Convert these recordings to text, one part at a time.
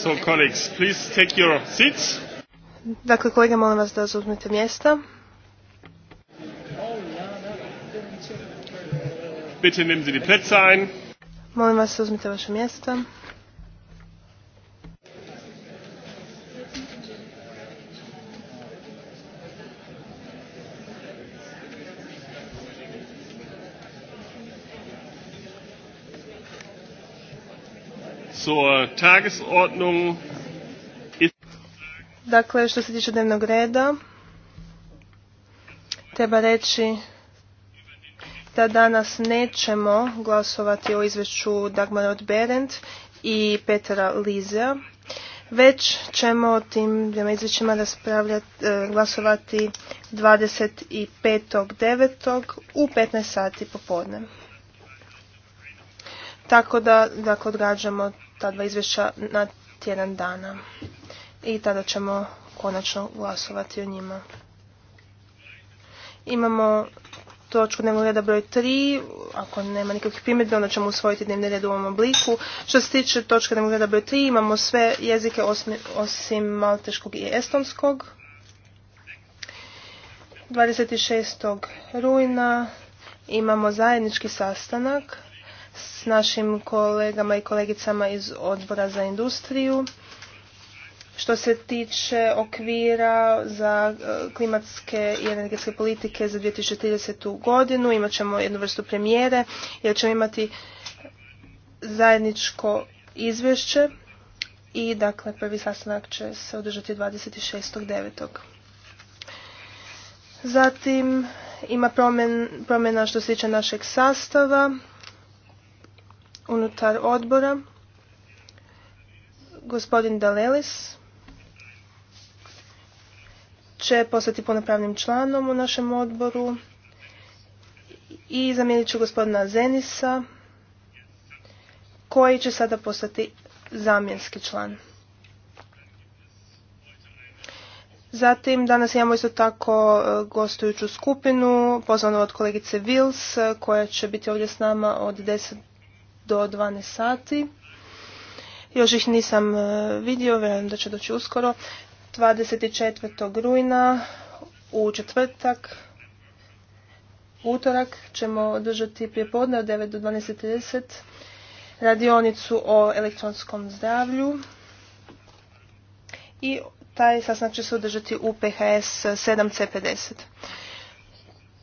So colleagues, please take your seats. Dakle, kolege, molim vas da zauzmete mjesta. Bitte nehmen Sie die Plätze ein. Molim vas da uzmete vaše mjesta. Dakle, što se tiče dnevnog reda, treba reći da danas nećemo glasovati o izvješću Dagmar od Berend i Petra Lizea, već ćemo o tim dvijema izvješćima raspravljati, e, glasovati 25.9. u 15 sati popodne. Tako da, dakle, odgađamo ta dva izvješća na tjedan dana. I tada ćemo konačno glasovati o njima. Imamo točku dnevnog reda broj 3. Ako nema nikakvih primjedbi, onda ćemo usvojiti dnevni red u ovom obliku. Što se tiče točke dnevnog reda broj 3, imamo sve jezike osim malteškog i estonskog. 26. rujna imamo zajednički sastanak s našim kolegama i kolegicama iz odbora za industriju. Što se tiče okvira za e, klimatske i energetske politike za 2030. godinu, imat ćemo jednu vrstu premijere, jer ćemo imati zajedničko izvješće i dakle prvi sastanak će se održati 26.9. Zatim ima promjena što se tiče našeg sastava unutar odbora. Gospodin Dalelis će postati punopravnim članom u našem odboru i zamijenit će gospodina Zenisa koji će sada postati zamjenski član. Zatim danas imamo isto tako e, gostujuću skupinu pozvanu od kolegice Vils e, koja će biti ovdje s nama od do 12 sati. Još ih nisam e, vidio, vjerujem da će doći uskoro. 24. rujna u četvrtak utorak ćemo održati prijepodne od 9 do 12.30 radionicu o elektronskom zdravlju i taj sasnak će se održati u PHS 7C50.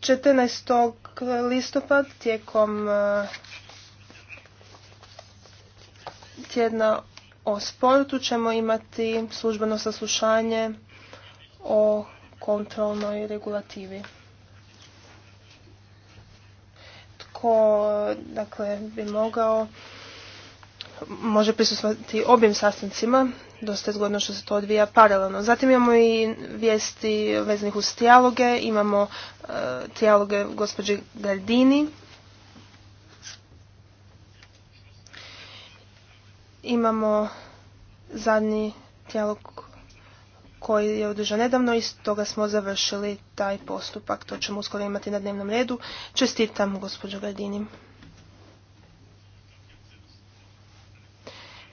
14. listopad tijekom e, tjedna o sportu ćemo imati službeno saslušanje o kontrolnoj regulativi. Tko dakle, bi mogao može prisustvati obim sastancima. Dosta je zgodno što se to odvija paralelno. Zatim imamo i vijesti vezanih uz tijaloge. Imamo e, tijaloge gospođi gospođe Gardini Imamo zadnji dijalog koji je održan nedavno i stoga smo završili taj postupak. To ćemo uskoro imati na dnevnom redu. Čestitam gospođo Gardini.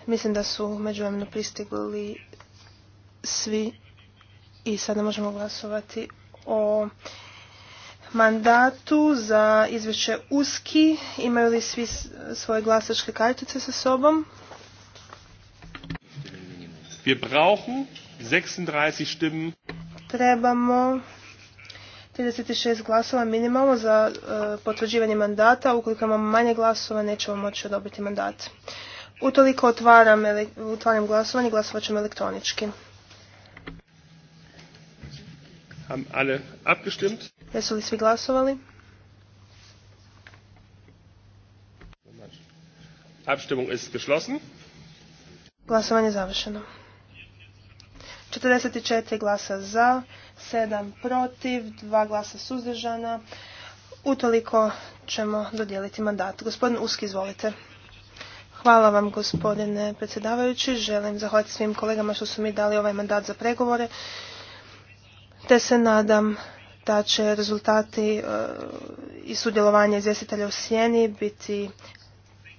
Mislim da su međuvremeno pristigli svi i sada možemo glasovati o mandatu za izvješće USKI. Imaju li svi svoje glasačke kartice sa sobom? Wir brauchen 36 Stimmen. Trebamo 36 glasova minimalno za e, potvrđivanje mandata. Ukoliko imamo manje glasova, nećemo moći odobiti mandat. Utoliko otvaram, otvaram glasovanje, glasovat ćemo elektronički. alle abgestimmt? Jesu li svi glasovali? Abstimmung ist geschlossen. Glasovanje je završeno. 44 glasa za, 7 protiv, 2 glasa suzdržana. Utoliko ćemo dodijeliti mandat. Gospodin Uski, izvolite. Hvala vam gospodine predsjedavajući. Želim zahvaliti svim kolegama što su mi dali ovaj mandat za pregovore. Te se nadam da će rezultati e, i sudjelovanje izvjestitelja u sjeni biti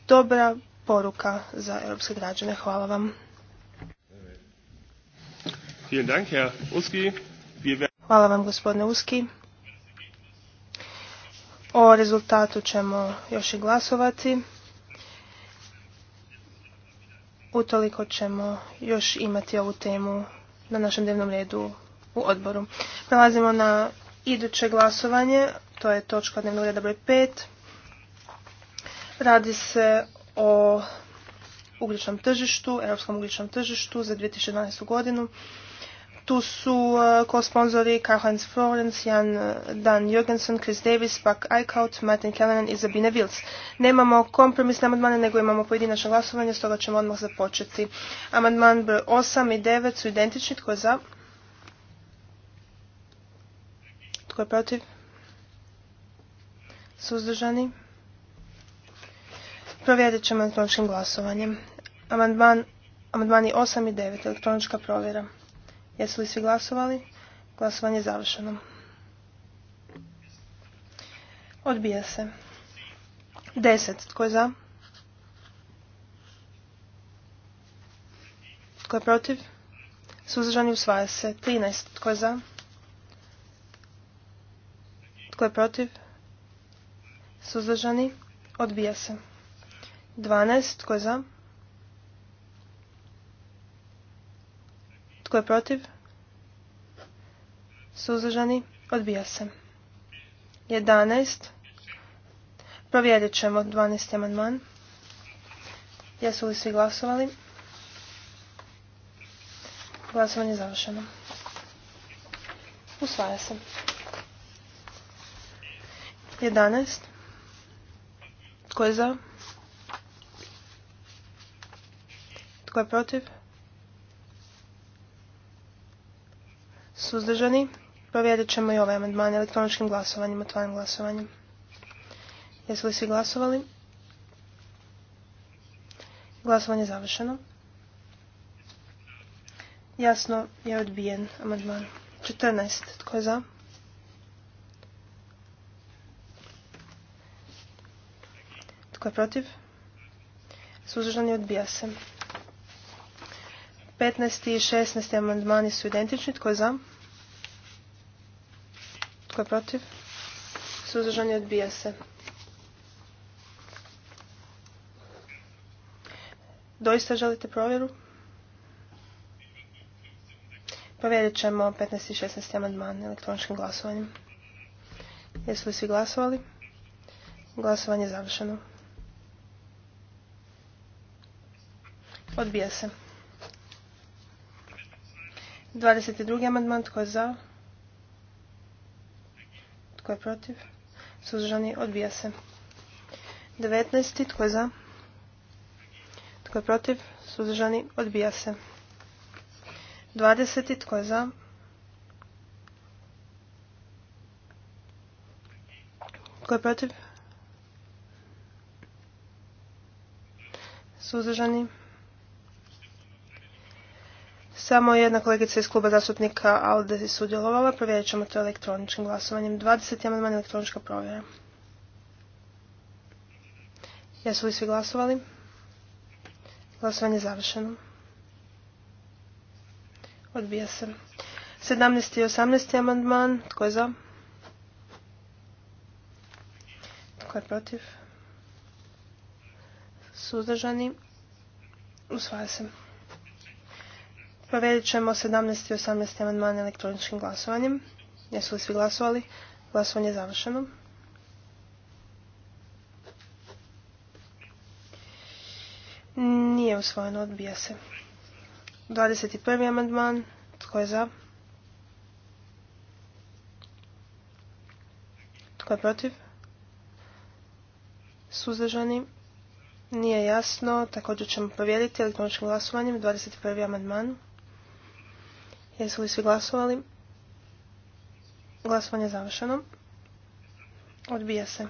dobra poruka za europske građane. Hvala vam. Hvala vam gospodine Uski. O rezultatu ćemo još i glasovati. Utoliko ćemo još imati ovu temu na našem dnevnom redu u odboru. Prelazimo na iduće glasovanje, to je točka dnevnog reda broj 5. Radi se o ugljičnom tržištu, europskom ugličnom tržištu za 2012. godinu. Tu su ko-sponzori e, Karl-Heinz Florens, Jan e, Dan Jürgensen, Chris Davis, Pak Eichhout, Martin Kellenen i Zabine Wills. Nemamo kompromisne amandmane, nego imamo pojedinačno glasovanje, stoga ćemo odmah započeti. Amandman br. 8 i 9 su identični. Tko je za? Tko je protiv? Suzdržani? Provjerit ćemo elektroničkim glasovanjem. Amandman, amandmani 8 i 9, elektronička provjera. Jesu li svi glasovali? Glasovanje je završeno. Odbija se. Deset Tko je za? Tko je protiv? Suzdržani usvaja se. Trinaest Tko je za? Tko je protiv? Suzdržani? Odbija se. 12. Tko je za? Tko je protiv? Suzdržani? Odbija se. 11. Provjerit ćemo 12. amandman. Jesu li svi glasovali? Glasovanje je završeno. Usvaja se. 11. Tko je za? Tko je protiv? Suzdržani? Provjerit ćemo i ovaj amandman elektroničkim glasovanjem, otvaram glasovanjem. Jesu li svi glasovali? Glasovanje je završeno. Jasno je odbijen amandman. 14. Tko je za? Tko je protiv? Suzdržani odbija se. 15. i 16. amandmani su identični. Tko je za? Tko je protiv? Suzdržan je odbija se. Doista želite provjeru? Provjerit ćemo 15 i 16 amandman elektroničkim glasovanjem. Jesu li svi glasovali? Glasovanje je završeno. Odbija se. 22. amandman, tko je za? Tko je protiv? Suzdržani odbija se. 19. Tko je za? Tko je protiv? Suzdržani odbija se. 20. Tko je za? Tko je protiv? Suzdržani odbija se. Samo jedna kolegica iz kluba zastupnika ALDE je sudjelovala. Provjerit ćemo to elektroničkim glasovanjem. 20. amandman elektronička provjera. Jesu li svi glasovali? Glasovanje je završeno. Odbija se. 17. i 18. amandman. Tko je za? Tko je protiv? Suzdržani. Usvaja se. Provjerit ćemo 17. i 18. amandman elektroničkim glasovanjem. Jesu li svi glasovali? Glasovanje je završeno. Nije usvojeno, odbija se. 21. amandman. Tko je za? Tko je protiv? Suzdržani? Nije jasno. Također ćemo provjeriti elektroničkim glasovanjem. 21. amandman. Jesu li svi glasovali? Glasovanje je završeno. Odbija se.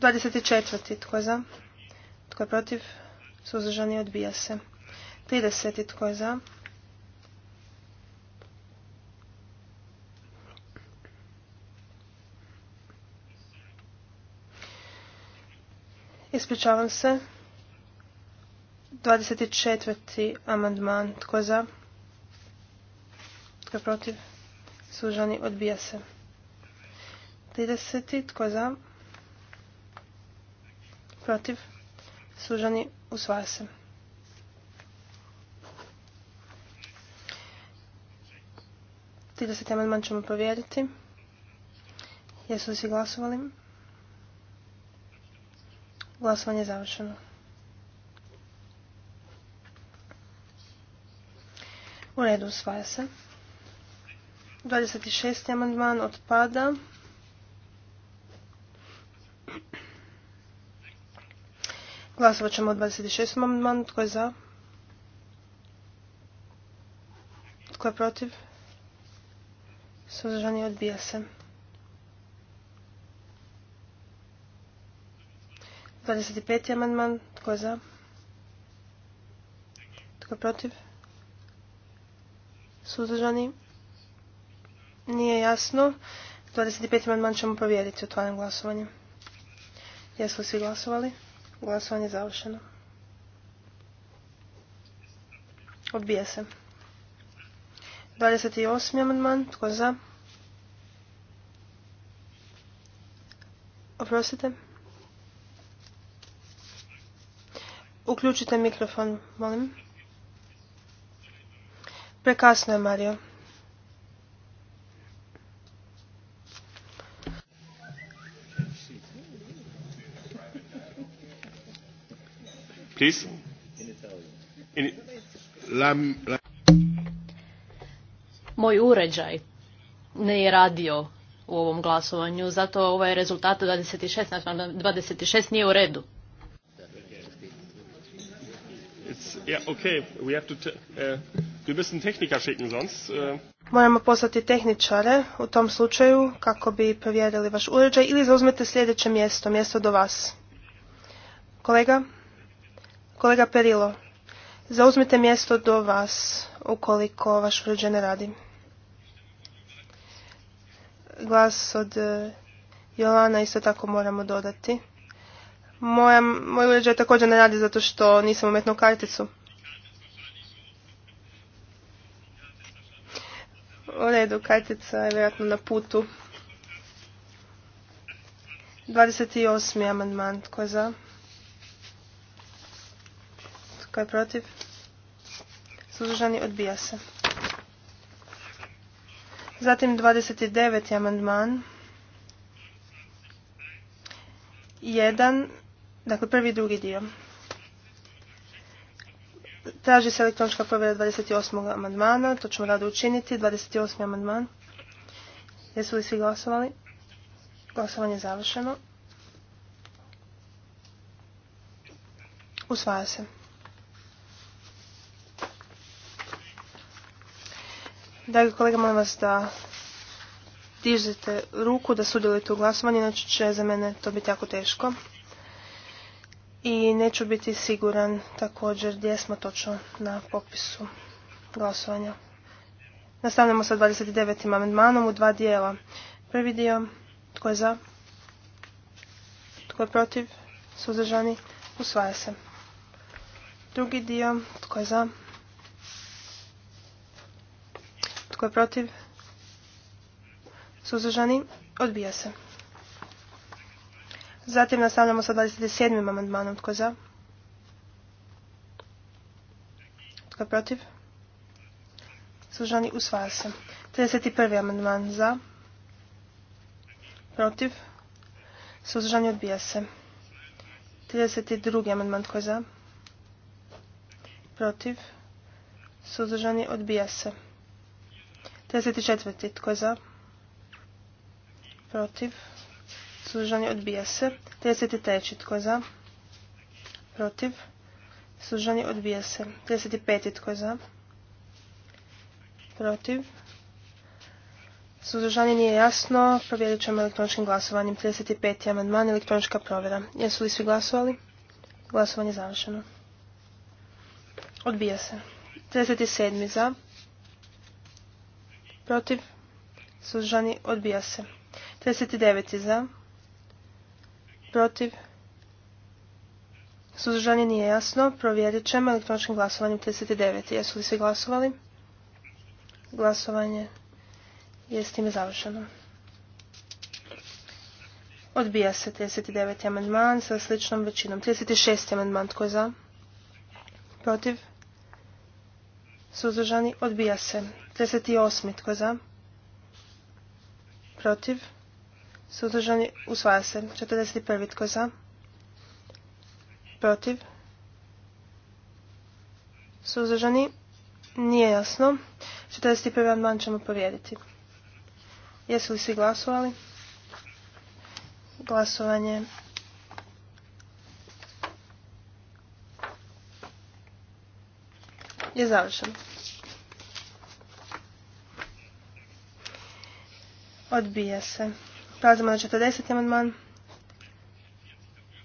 24. Tko je za? Tko je protiv? Suzdržani odbija se. 30. Tko je za? Ispričavam se. 24. amandman. Tko je za? Tko protiv? Sužani odbija se. 30. Tko je za? Protiv? Sužani usvaja se. Trideset amandman ćemo provjeriti. Jesu li svi glasovali? Glasovanje je završeno. U redu usvaja se. 26. amandman odpada. Glasovat ćemo o 26. amandmanu. Tko je za? Tko je protiv? Suzdržani odbija se. 25. amandman. Tko je za? Tko je protiv? Suzdržani nije jasno. 25. amandman ćemo provjeriti. Otvaram glasovanju. Jesu li svi glasovali? Glasovanje je završeno. Odbija se. 28. amandman. Tko za? Oprostite. Uključite mikrofon, molim. Prekasno je, Mario. Moj uređaj ne je radio u ovom glasovanju, zato ovaj rezultat 26 na 26 nije u redu. Moramo poslati tehničare u tom slučaju kako bi provjerili vaš uređaj ili zauzmete sljedeće mjesto, mjesto do vas. Kolega? Kolega Perilo, zauzmite mjesto do vas ukoliko vaš uređaj ne radi. Glas od e, Jolana isto tako moramo dodati. moj uređaj također ne radi zato što nisam umetnu karticu. U redu, kartica je vjerojatno na putu. 28. amandman, tko je za? Tko je protiv? Suzdržani odbija se. Zatim 29. amandman. jedan Dakle, prvi i drugi dio. Traži se elektronička provjera 28. amandmana. To ćemo rado učiniti. 28. amandman. Jesu li svi glasovali? Glasovanje je završeno. Usvaja se. Dragi kolega, molim vas da dižete ruku, da sudjelujete u glasovanju, inače će za mene to biti jako teško. I neću biti siguran također gdje smo točno na popisu glasovanja. Nastavljamo sa 29. amandmanom u dva dijela. Prvi dio, tko je za, tko je protiv, suzdržani, usvaja se. Drugi dio, tko je za, Tko je protiv? Suzdržani? Odbija se. Zatim nastavljamo sa 27. amandmanom. Tko je za? Tko je protiv? Suzdržani? Usvaja se. 31. amandman za? Protiv? Suzdržani? Odbija se. 32. amandman. Tko je za? Protiv? Suzdržani? Odbija se. 34. Tko je za? Protiv. Služanje odbija se. 33. Tko za? Protiv. Služanje odbija se. 35. Tko za? Protiv. suzdržanje nije jasno. Provjerit ćemo elektroničkim glasovanjem. 35. amandman elektronička provjera. Jesu li svi glasovali? Glasovanje je završeno. Odbija se. 37. za protiv, suzdržani, odbija se. 39. za, protiv, suzdržani, nije jasno. Provjerit ćemo elektroničkim glasovanjem 39. Jesu li svi glasovali? Glasovanje je s time završeno. Odbija se 39. amandman sa sličnom većinom. 36. amandman tko je za? Protiv? Suzdržani? Odbija se. 48. Tko za? Protiv? Suzdržani? Usvaja se. 41. Tko za? Protiv? Suzdržani? Nije jasno. 41. amandman ćemo povijediti. Jesu li svi glasovali? Glasovanje je završeno. Odbija se. Prelazimo na 40. amandman.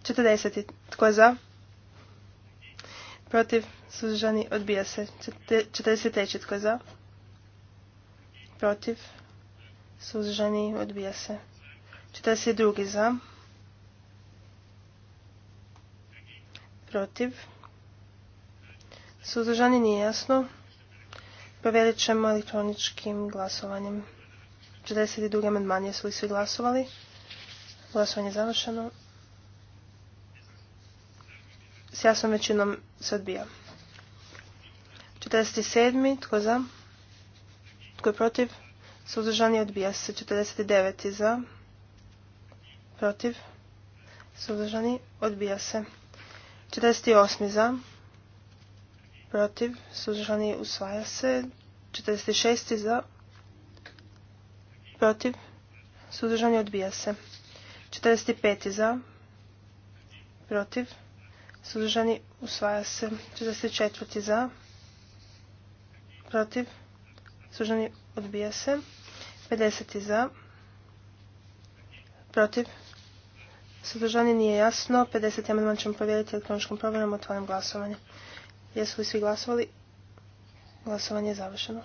40. Tko je za? Protiv. Suzdržani. Odbija se. 43. Tko je za? Protiv. Suzdržani. Odbija se. 42. Za. Protiv. Suzdržani nije jasno. Provjerit ćemo elektroničkim glasovanjem. 42. amandman, su li svi glasovali? Glasovanje je završeno. S jasnom većinom se odbija. 47. Tko za? Tko je protiv? Suzdržani odbija se. 49. Za? Protiv? Suzdržani odbija se. 48. Za? Protiv? Suzdržani usvaja se. 46. Za? protiv, suzdržani, odbija se. 45. za, protiv, suzdržani, usvaja se. 44. za, protiv, suzdržani, odbija se. 50. za, protiv, suzdržani, nije jasno. 50. amandman ćemo povjeriti elektroničkom programom. otvaram glasovanje. Jesu li svi glasovali? Glasovanje je završeno.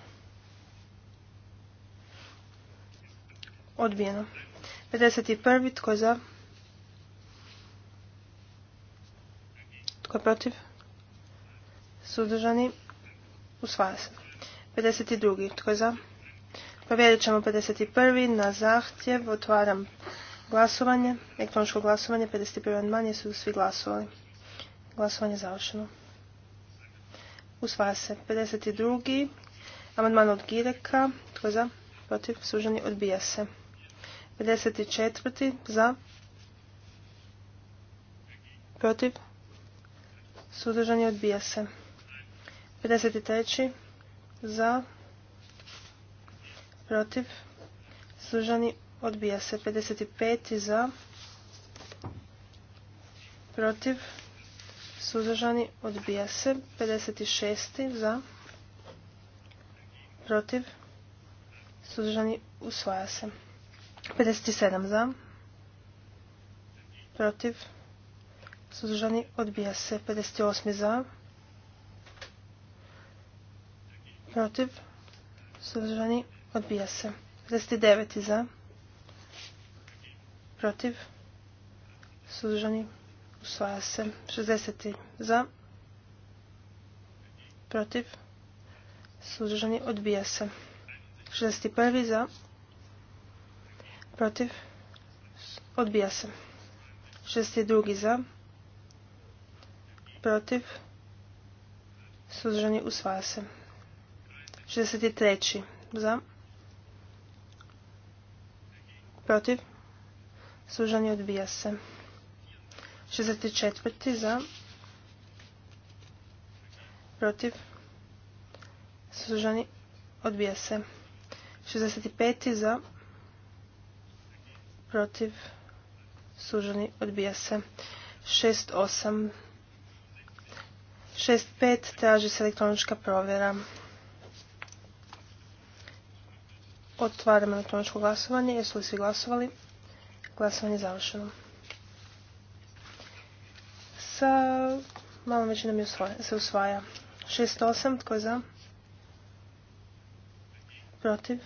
Odbijeno. 51. Tko je za? Tko je protiv? Sudržani. Usvaja se. 52. Tko je za? Provjerit ćemo 51. Na zahtjev otvaram glasovanje. Elektroničko glasovanje. 51. manje su svi glasovali. Glasovanje je završeno. Usvaja se. 52. Amandman od Gireka. Tko je za? Protiv? Sužani. Odbija se. 54. za. Protiv. Suzdržani odbija se. 53. za. Protiv. Suzdržani odbija se. 55. za. Protiv. Suzdržani odbija se. 56. za. Protiv. Suzdržani usvaja se. 57 za. Protiv. Suzdržani odbija se. 58 za. Protiv. Suzdržani odbija se. 59 za. Protiv. Suzdržani usvaja se. 60 za. Protiv. Suzdržani odbija se. 61 za. Protiv. Odbija se. 62. za. Protiv. Suzdržani usvaja se. 63. za. Protiv. Suzdržani odbija se. 64. za. Protiv. Suzdržani odbija se. 65. za. Protiv protiv, suženi, odbija se. 6-8, 6-5, traži se elektronička provjera. Otvaram elektroničko glasovanje. Jesu li svi glasovali? Glasovanje je završeno. Sa malom većinom se usvaja. 6-8, tko je za? Protiv.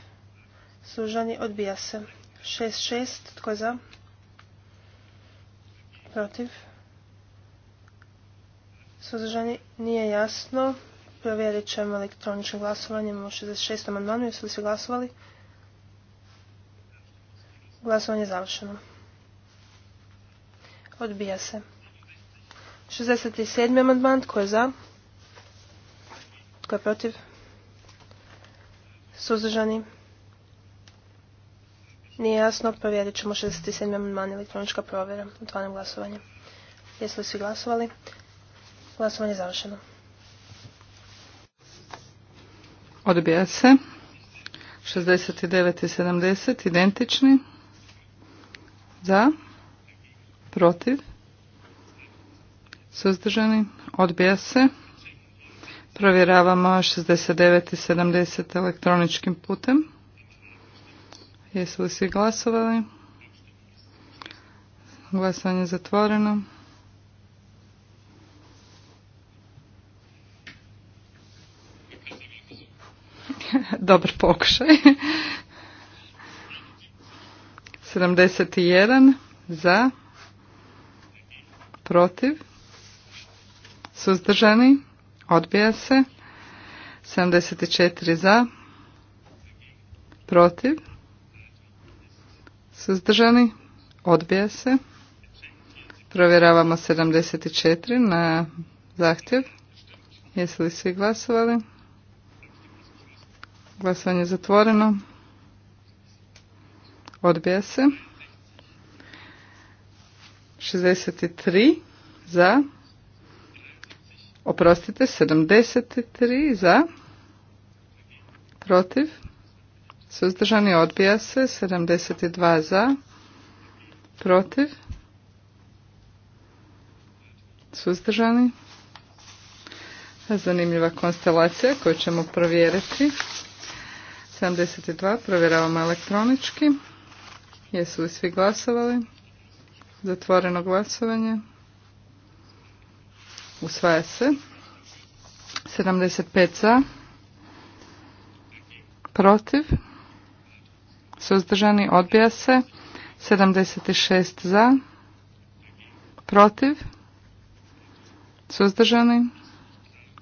Služani? odbija se. 6-6, tko je za? Protiv? Suzdržani nije jasno. Provjerit ćemo elektroničnim glasovanjem u 66. amandmanu. Jesu li se glasovali? Glasovanje je završeno. Odbija se. 67. amandman, tko je za? Tko je protiv? Suzdržani nije jasno, provjerit ćemo 67. amandman elektronička provjera. Otvaram glasovanje. Jesu li svi glasovali? Glasovanje je završeno. Odbija se. 69 i 70 identični. Za. Protiv. Suzdržani. Odbija se. Provjeravamo 69 i 70 elektroničkim putem. Jesu li svi glasovali? Glasovanje je zatvoreno. Dobar pokušaj. 71 za, protiv, suzdržani, odbija se. 74 za, protiv, suzdržani, odbija se. Provjeravamo 74 na zahtjev. Jesu li svi glasovali? Glasovanje je zatvoreno. Odbija se. 63 za. Oprostite, 73 za. Protiv. Suzdržani odbija se 72 za. Protiv. Suzdržani. Zanimljiva konstelacija koju ćemo provjeriti. 72 provjeravamo elektronički. Jesu li svi glasovali? Zatvoreno glasovanje. Usvaja se. 75 za. Protiv suzdržani, odbija se. 76 za, protiv, suzdržani,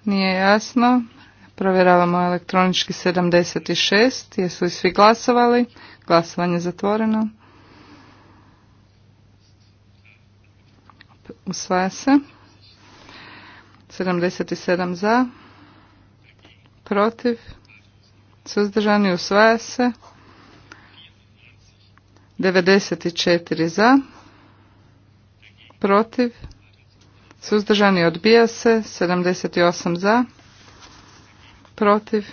nije jasno. Provjeravamo elektronički 76, jesu li svi glasovali? Glasovanje zatvoreno. Usvaja se. 77 za, protiv, suzdržani, usvaja se. 94 za, protiv, suzdržani odbija se, 78 za, protiv,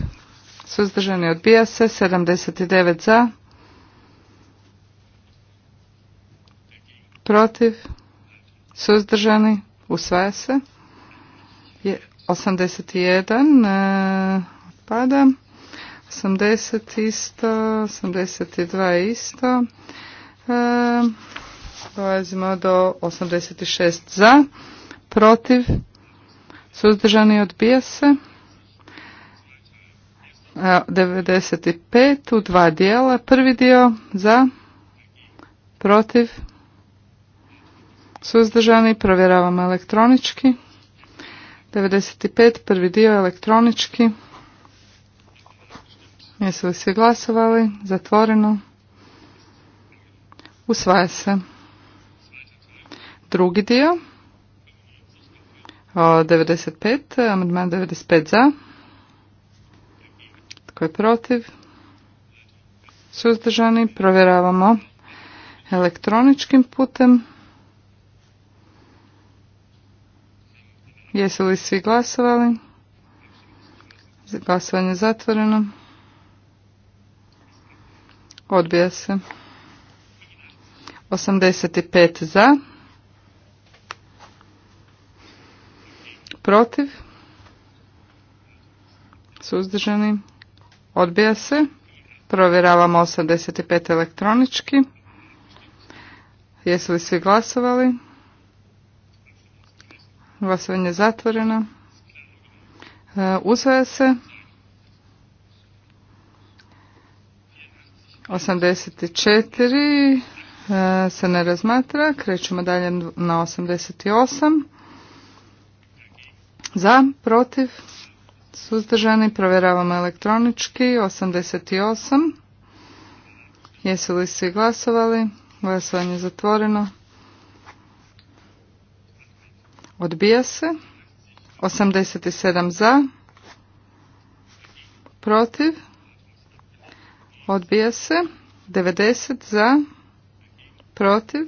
suzdržani odbija se, 79 za, protiv, suzdržani, usvaja se, 81 e, pada. 80 isto, 82 isto. E, dolazimo do 86 za, protiv, suzdržani odbija se. 95 e, u dva dijela. Prvi dio za, protiv, suzdržani, provjeravamo elektronički. 95 prvi dio elektronički. Jesu li svi glasovali? Zatvoreno. Usvaja se. Drugi dio. 95. Amandman 95 za. Tko je protiv? Suzdržani. Provjeravamo elektroničkim putem. Jesu li svi glasovali? Glasovanje zatvoreno. Odbija se. 85 za. Protiv. Suzdržani. Odbija se. Provjeravamo 85 elektronički. Jesu li svi glasovali? Glasovanje je zatvoreno. E, usvaja se. 84 e, se ne razmatra. Krećemo dalje na 88. Za, protiv, suzdržani. Provjeravamo elektronički. 88. Jesu li svi glasovali? Glasovanje je zatvoreno. Odbija se. 87 za. Protiv. Odbija se. 90 za. Protiv.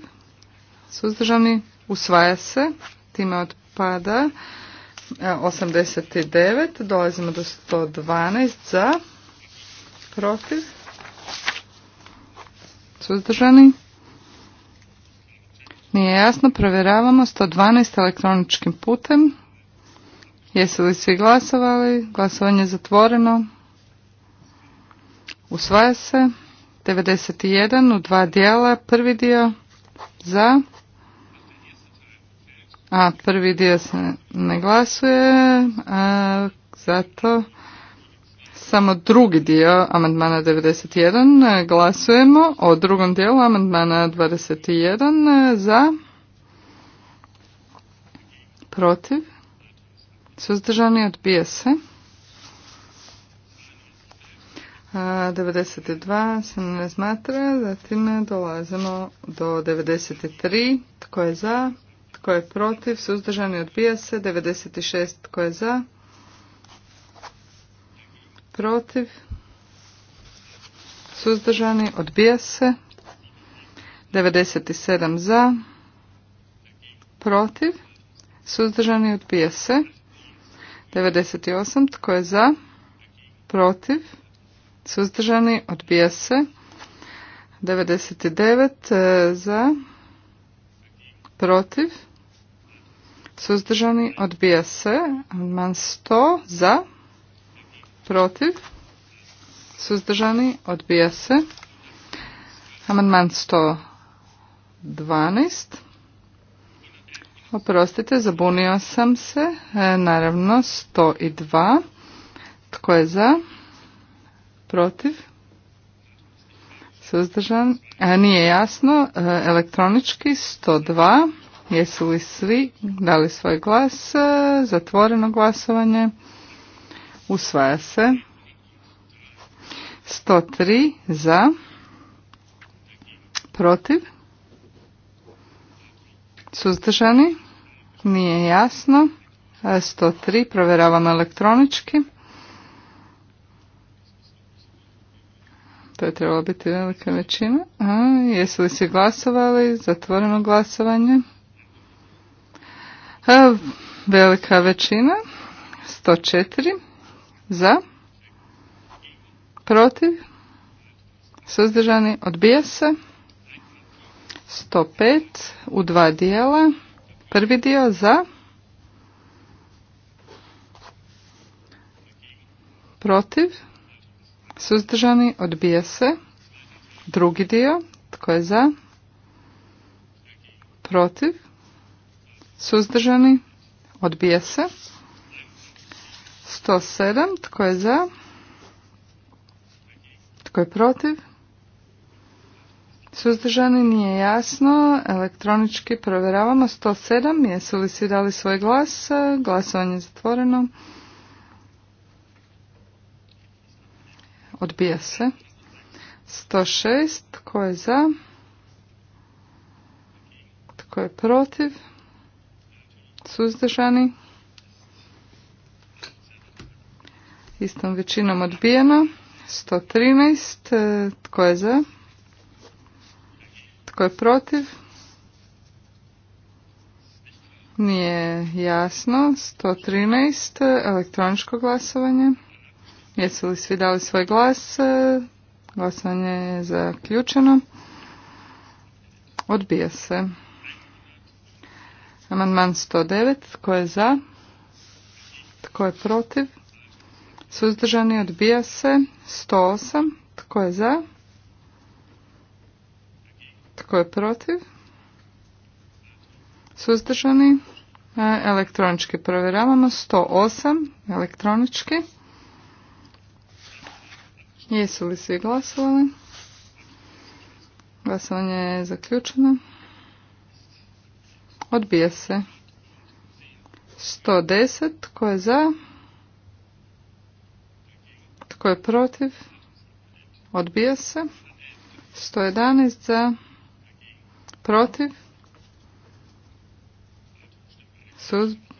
Suzdržani. Usvaja se. Time odpada. 89. E, Dolazimo do 112 za. Protiv. Suzdržani. Nije jasno. Provjeravamo 112 elektroničkim putem. Jesu li svi glasovali? Glasovanje je zatvoreno. Usvaja se. 91 u dva dijela. Prvi dio za. A prvi dio se ne glasuje. A, zato samo drugi dio amandmana 91. Glasujemo o drugom dijelu amandmana 21 za. Protiv. Suzdržani od se. 92 se ne razmatra, zatim dolazimo do 93, tko je za, tko je protiv, suzdržani odbija se, 96 tko je za, protiv, suzdržani odbija se, 97 za, protiv, suzdržani odbija se, 98 tko je za, protiv, suzdržani, odbija se. 99 e, za, protiv, suzdržani, odbija se. Amandman 100 za, protiv, suzdržani, odbija se. Amandman 112. Oprostite, zabunio sam se. E, naravno, 102. Tko je za? protiv, suzdržan, a e, nije jasno, e, elektronički 102, jesu li svi dali svoj glas, e, zatvoreno glasovanje, usvaja se, 103 za, protiv, suzdržani, nije jasno, 103 provjeravamo elektronički. To je trebala biti velika većina. A, jesu li se glasovali? Zatvoreno glasovanje. velika većina. 104. Za. Protiv. Suzdržani. Odbija se. 105. U dva dijela. Prvi dio za. Protiv. Suzdržani odbija se. Drugi dio. Tko je za? Protiv. Suzdržani odbija se. 107. Tko je za? Tko je protiv? Suzdržani nije jasno. Elektronički provjeravamo. 107. Jesu li svi dali svoj glas? Glasovanje je zatvoreno. Odbija se. 106. Tko je za? Tko je protiv? Suzdržani? Istom većinom odbijeno. 113. E, tko je za? Tko je protiv? Nije jasno. 113. E, elektroničko glasovanje. Jesu li svi dali svoj glas? E, Glasanje je zaključeno. Odbija se. Amandman 109. Tko je za? Tko je protiv? Suzdržani odbija se. 108. Tko je za? Tko je protiv? Suzdržani. E, elektronički provjeravamo. 108. Elektronički. Jesu li svi glasovali? Glasovanje je zaključeno. Odbija se. 110. Tko je za? Tko je protiv? Odbija se. 111 za. Protiv.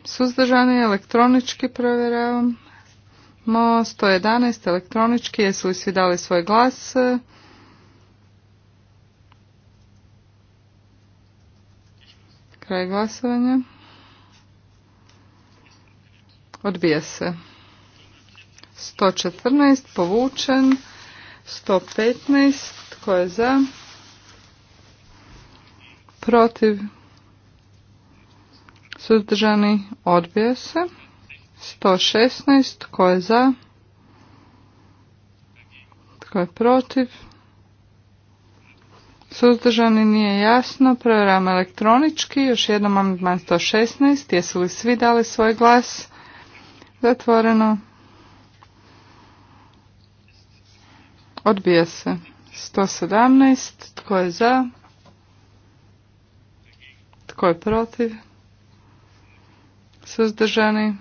suzdržani elektronički provjeravam smo 111 elektronički, jesu li svi dali svoj glas? Kraj glasovanja. Odbija se. 114 povučen. 115 tko je za? Protiv. Suzdržani odbija se. 116. Tko je za? Tko je protiv? Suzdržani nije jasno. Provjeram elektronički. Još jednom amandman 116. Jesu li svi dali svoj glas? Zatvoreno. Odbija se. 117. Tko je za? Tko je protiv? Suzdržani.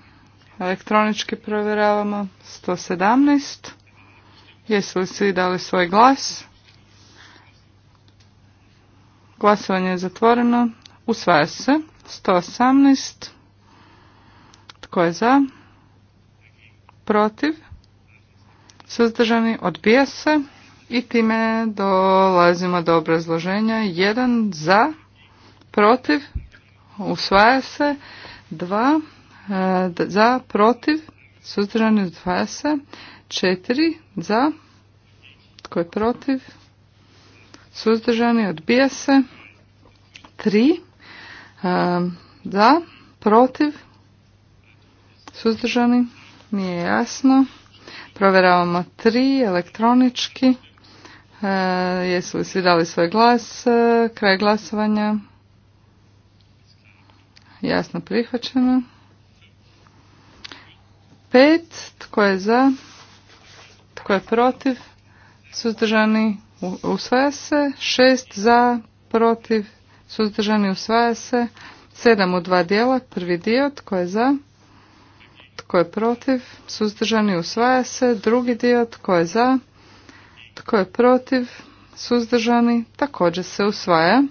Elektronički provjeravamo. 117. Jesu li svi dali svoj glas? Glasovanje je zatvoreno. Usvaja se. 118. Tko je za? Protiv? Suzdržani? Odbija se. I time dolazimo do obrazloženja. Jedan za, protiv, usvaja se. dva. E, za, protiv, suzdržani, od se. četiri, za, tko je protiv, suzdržani, odbija se. tri, e, za, protiv, suzdržani, nije jasno. Provjeravamo tri elektronički. E, jesu li svi dali svoj glas? Kraj glasovanja. Jasno prihvaćeno. Tko je za? Tko je protiv? Suzdržani usvaja se. šest za, protiv, suzdržani usvaja se. sedam u dva dijela, prvi dio, tko je za? Tko je protiv? Suzdržani usvaja se. Drugi dio, tko je za? Tko je protiv? Suzdržani također se usvaja.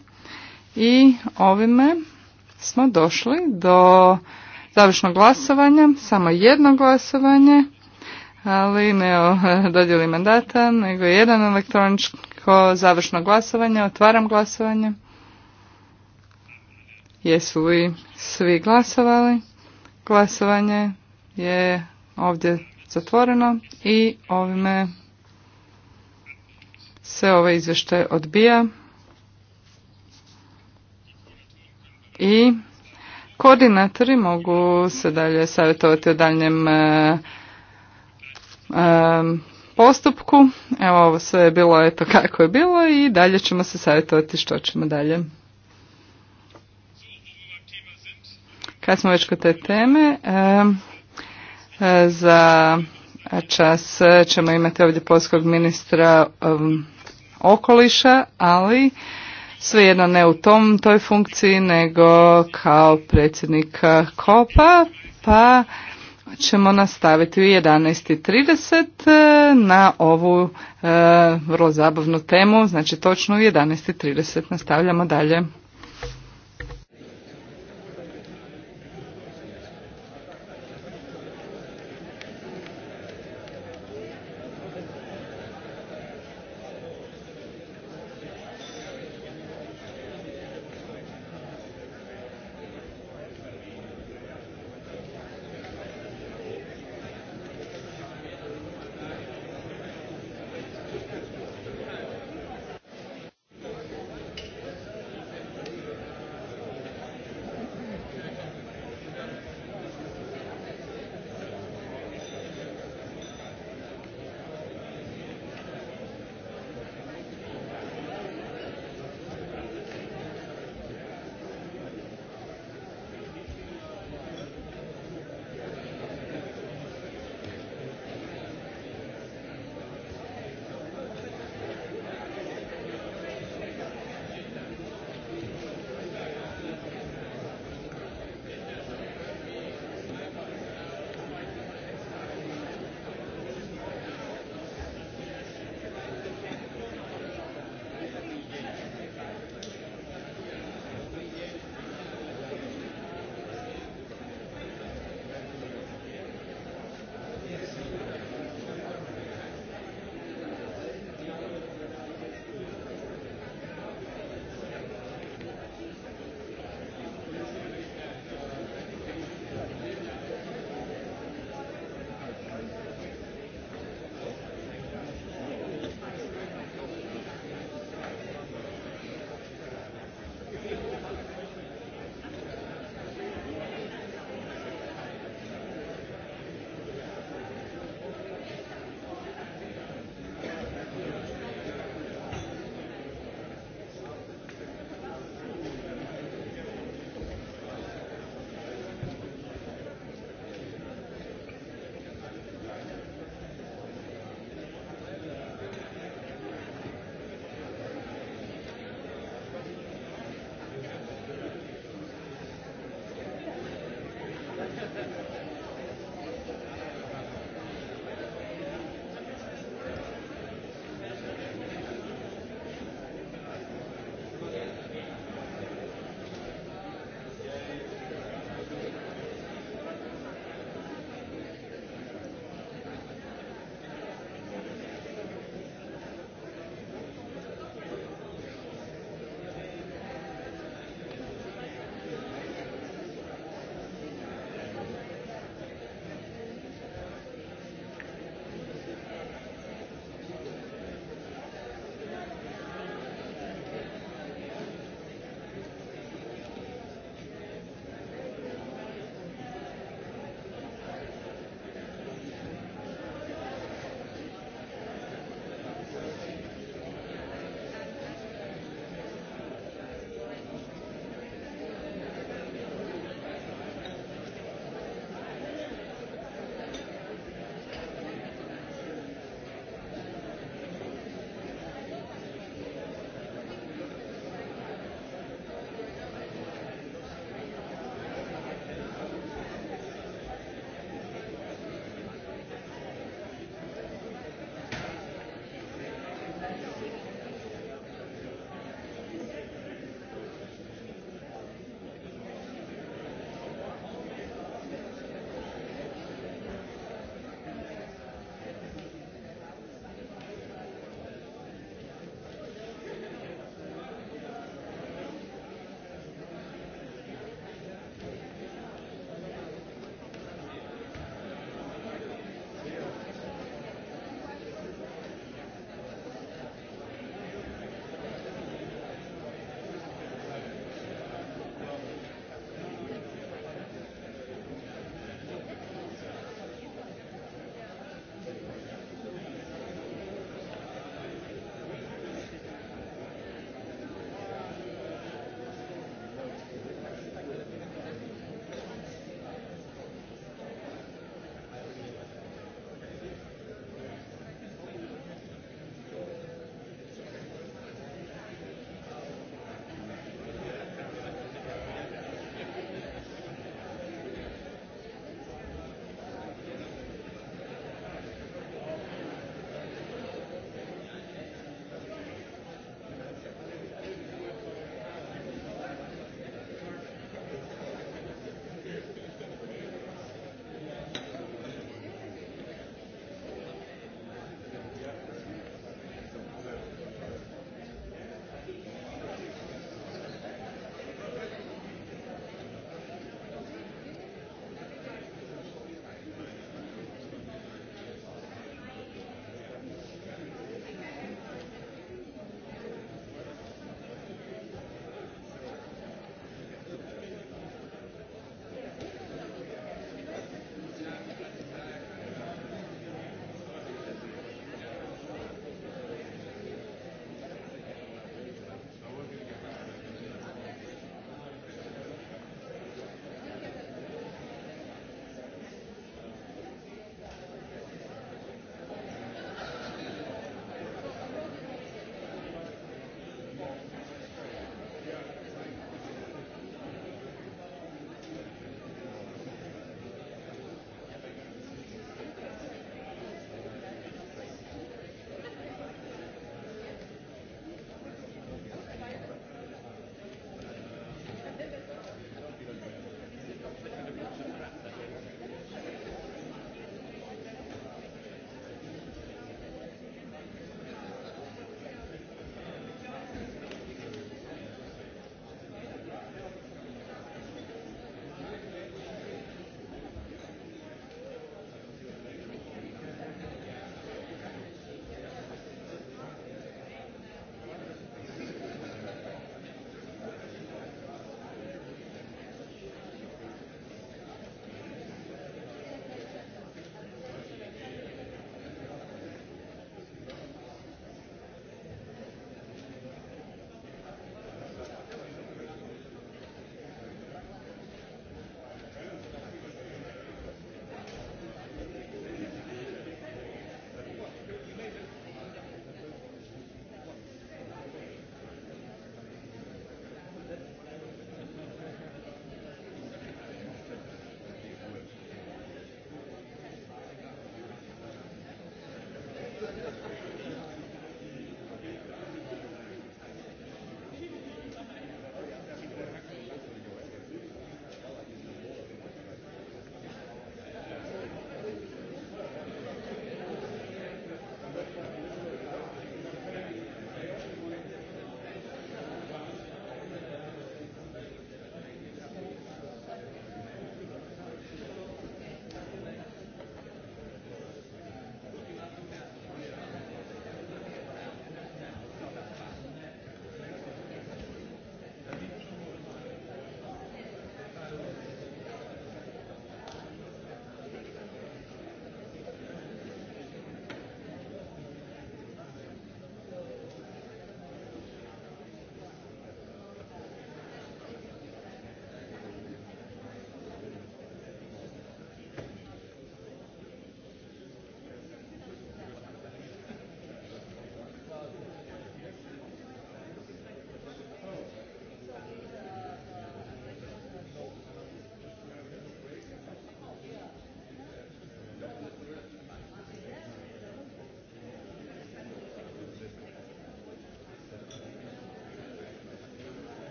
I ovime smo došli do završno glasovanje, samo jedno glasovanje, ali ne o dodjeli mandata, nego jedan elektroničko završno glasovanje. Otvaram glasovanje. Jesu li svi glasovali? Glasovanje je ovdje zatvoreno i ovime se ovaj izvještaj odbija. I Koordinatori mogu se dalje savjetovati o daljem e, e, postupku. Evo ovo sve je bilo eto kako je bilo i dalje ćemo se savjetovati što ćemo dalje. Kad smo već kod te teme, e, za čas ćemo imati ovdje polskog ministra okoliša, ali svejedno ne u tom toj funkciji nego kao predsjednik kopa pa ćemo nastaviti u 11.30 eh, na ovu eh, vrlo zabavnu temu, znači točno u 11.30 nastavljamo dalje.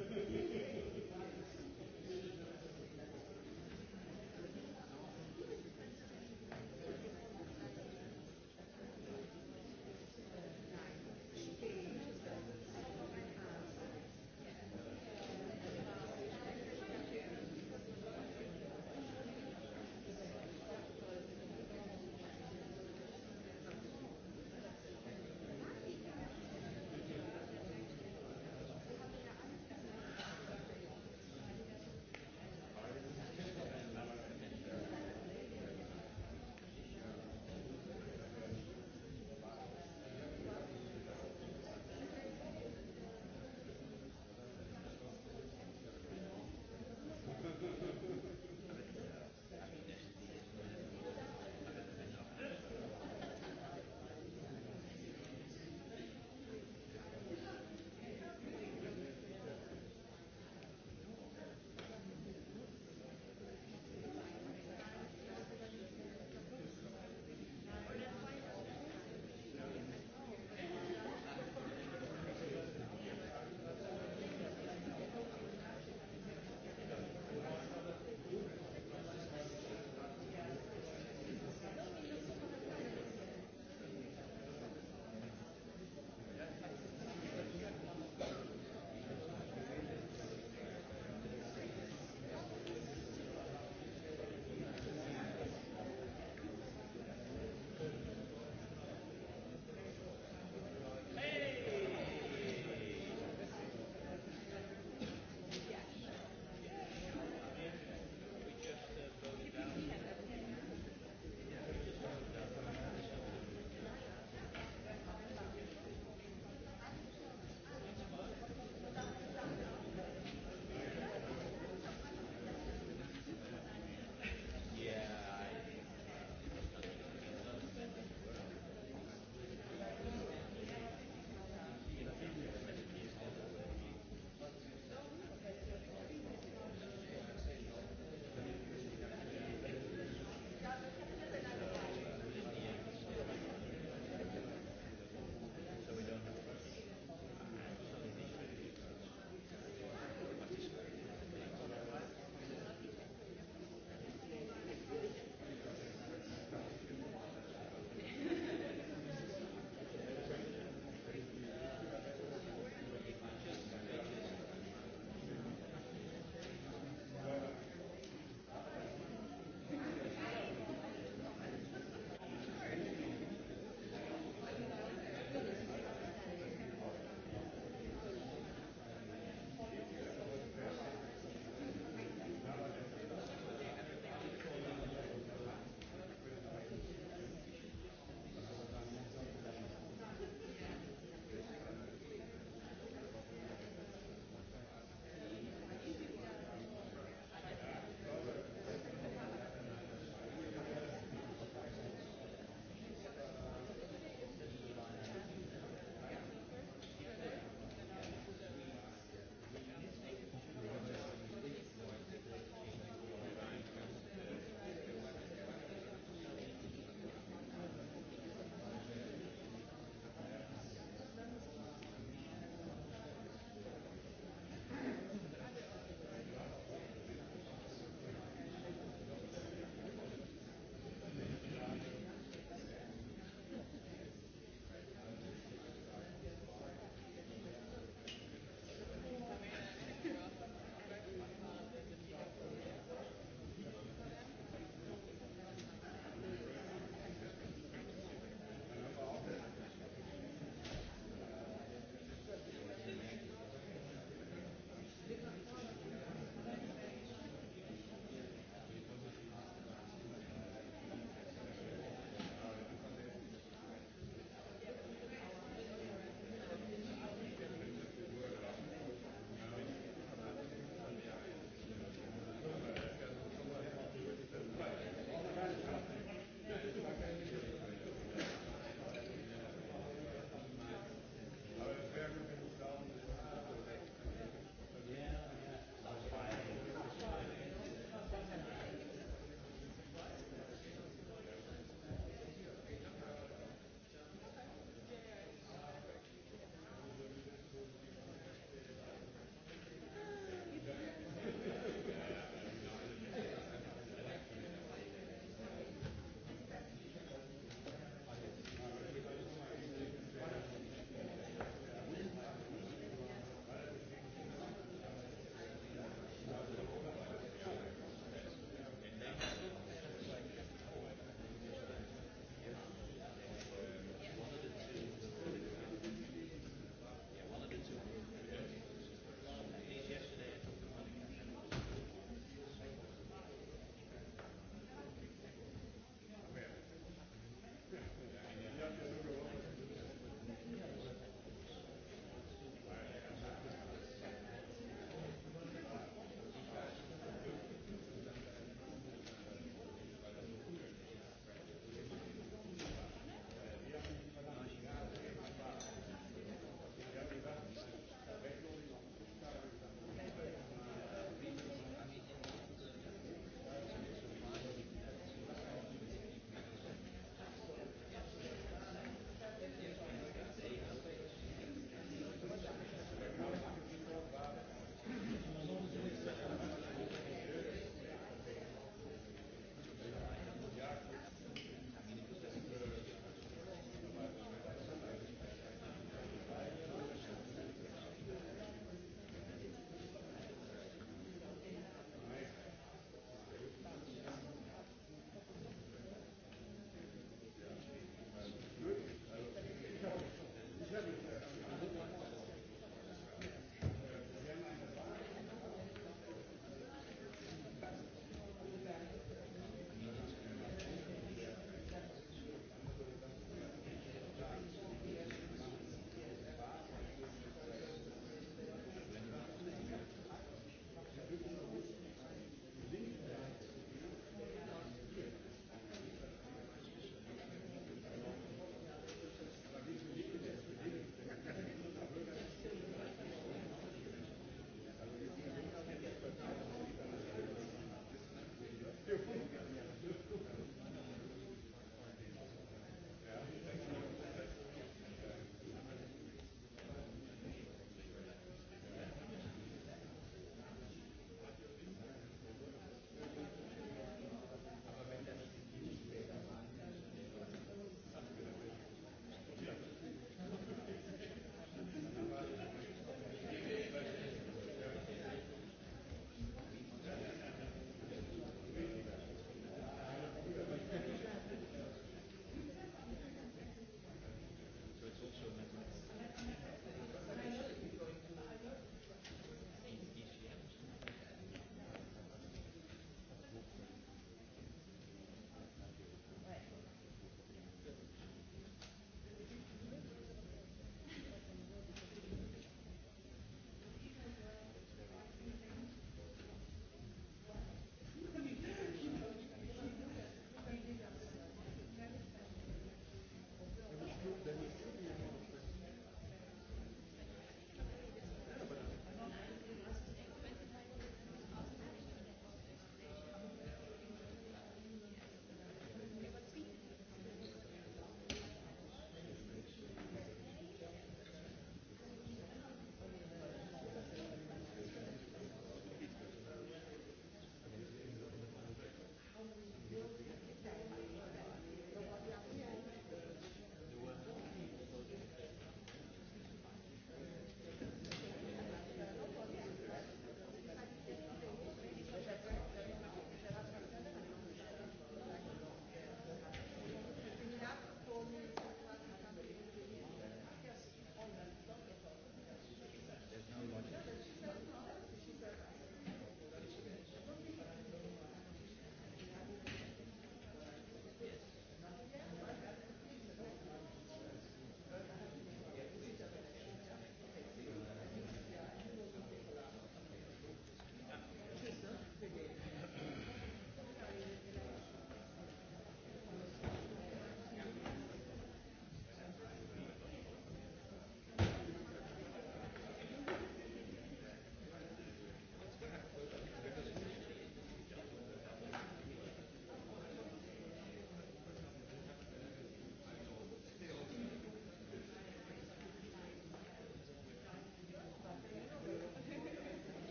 manji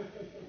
opet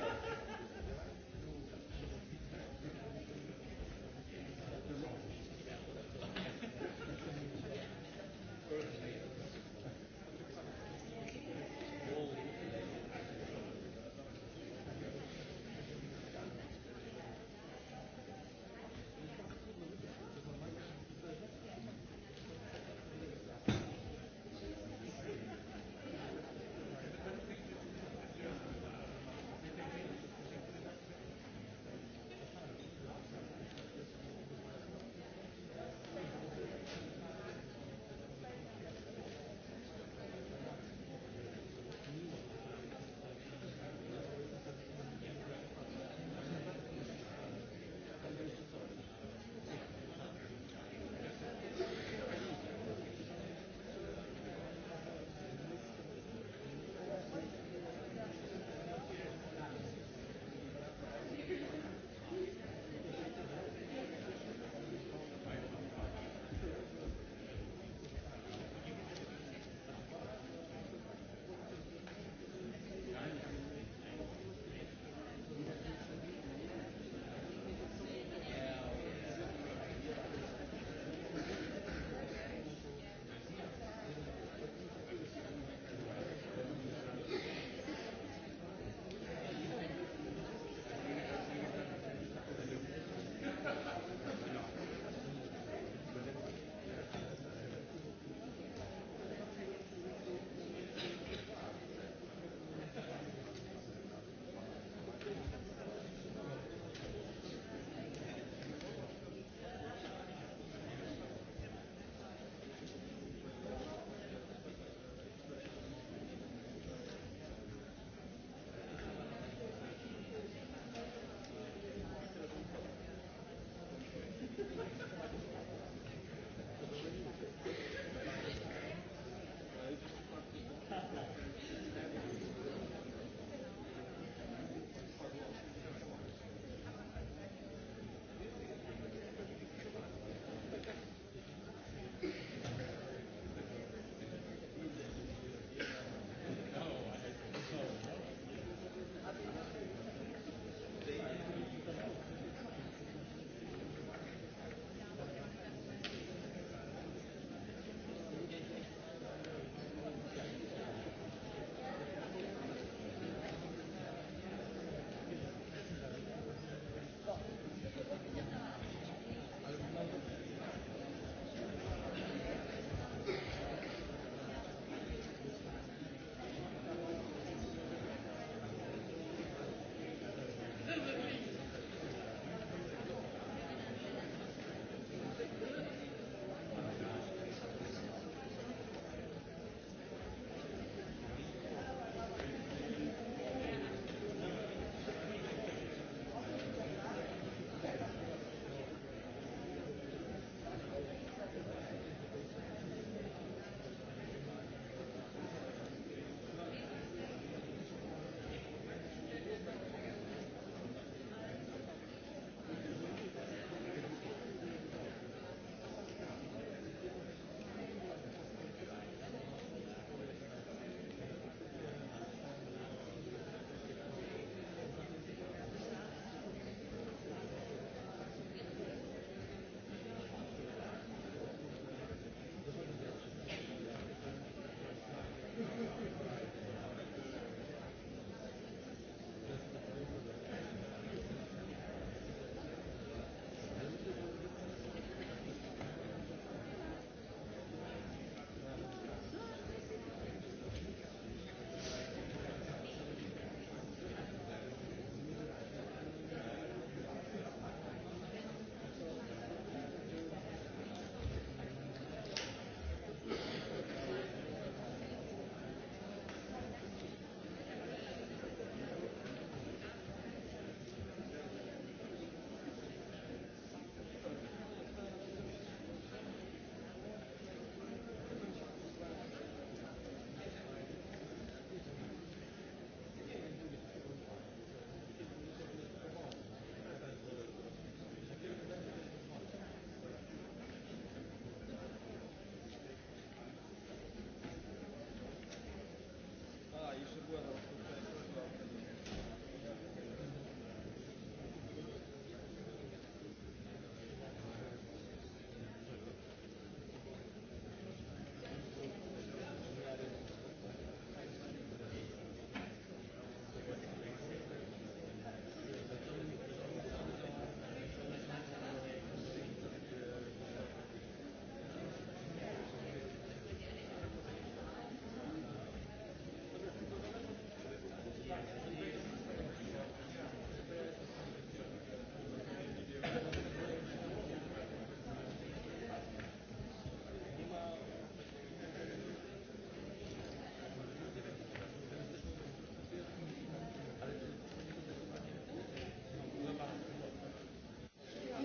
manja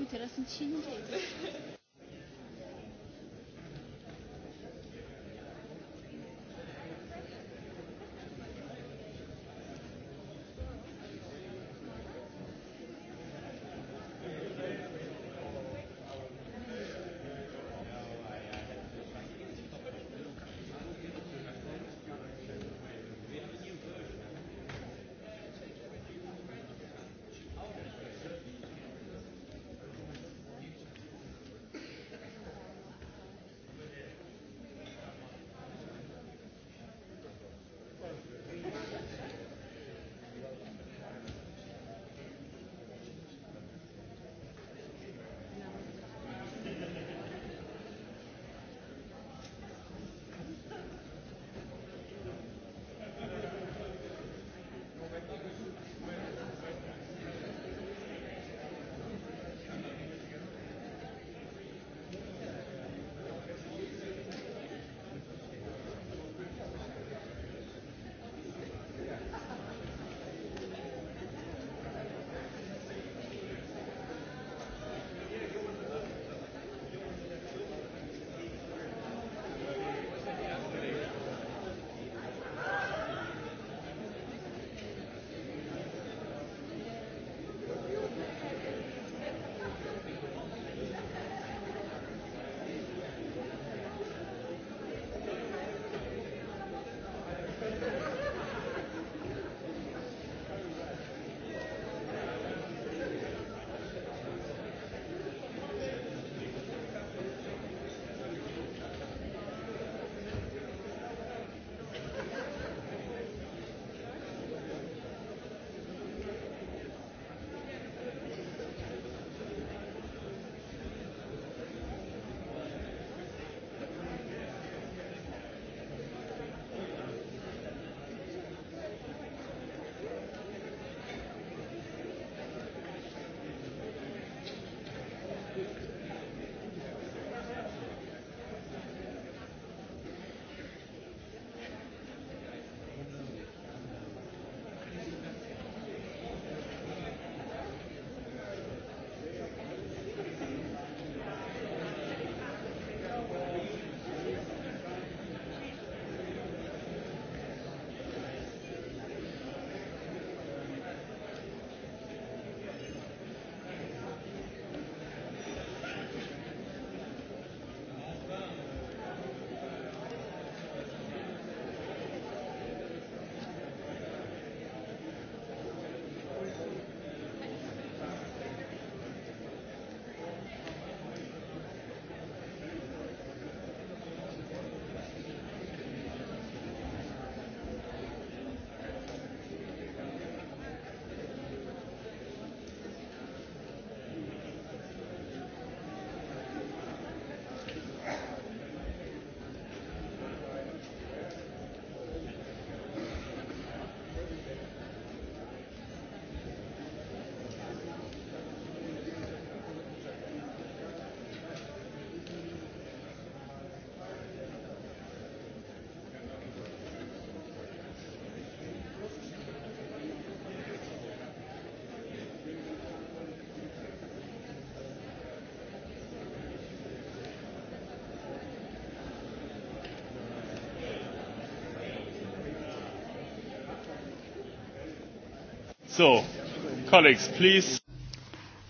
interessentschieden?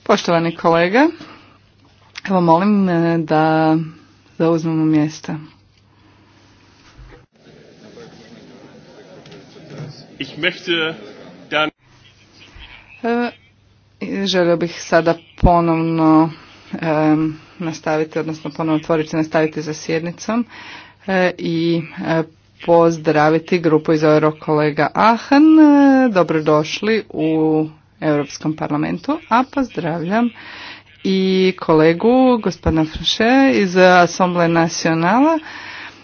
Poštovani kolega, evo molim e, da zauzmemo mjesta. E, želio bih sada ponovno e, nastaviti, odnosno ponovno otvoriti nastaviti za sjednicom i pozdraviti grupu iz kolega Ahan. Dobrodošli u Europskom parlamentu, a pozdravljam i kolegu gospodina Franše iz Assemble Nacionala.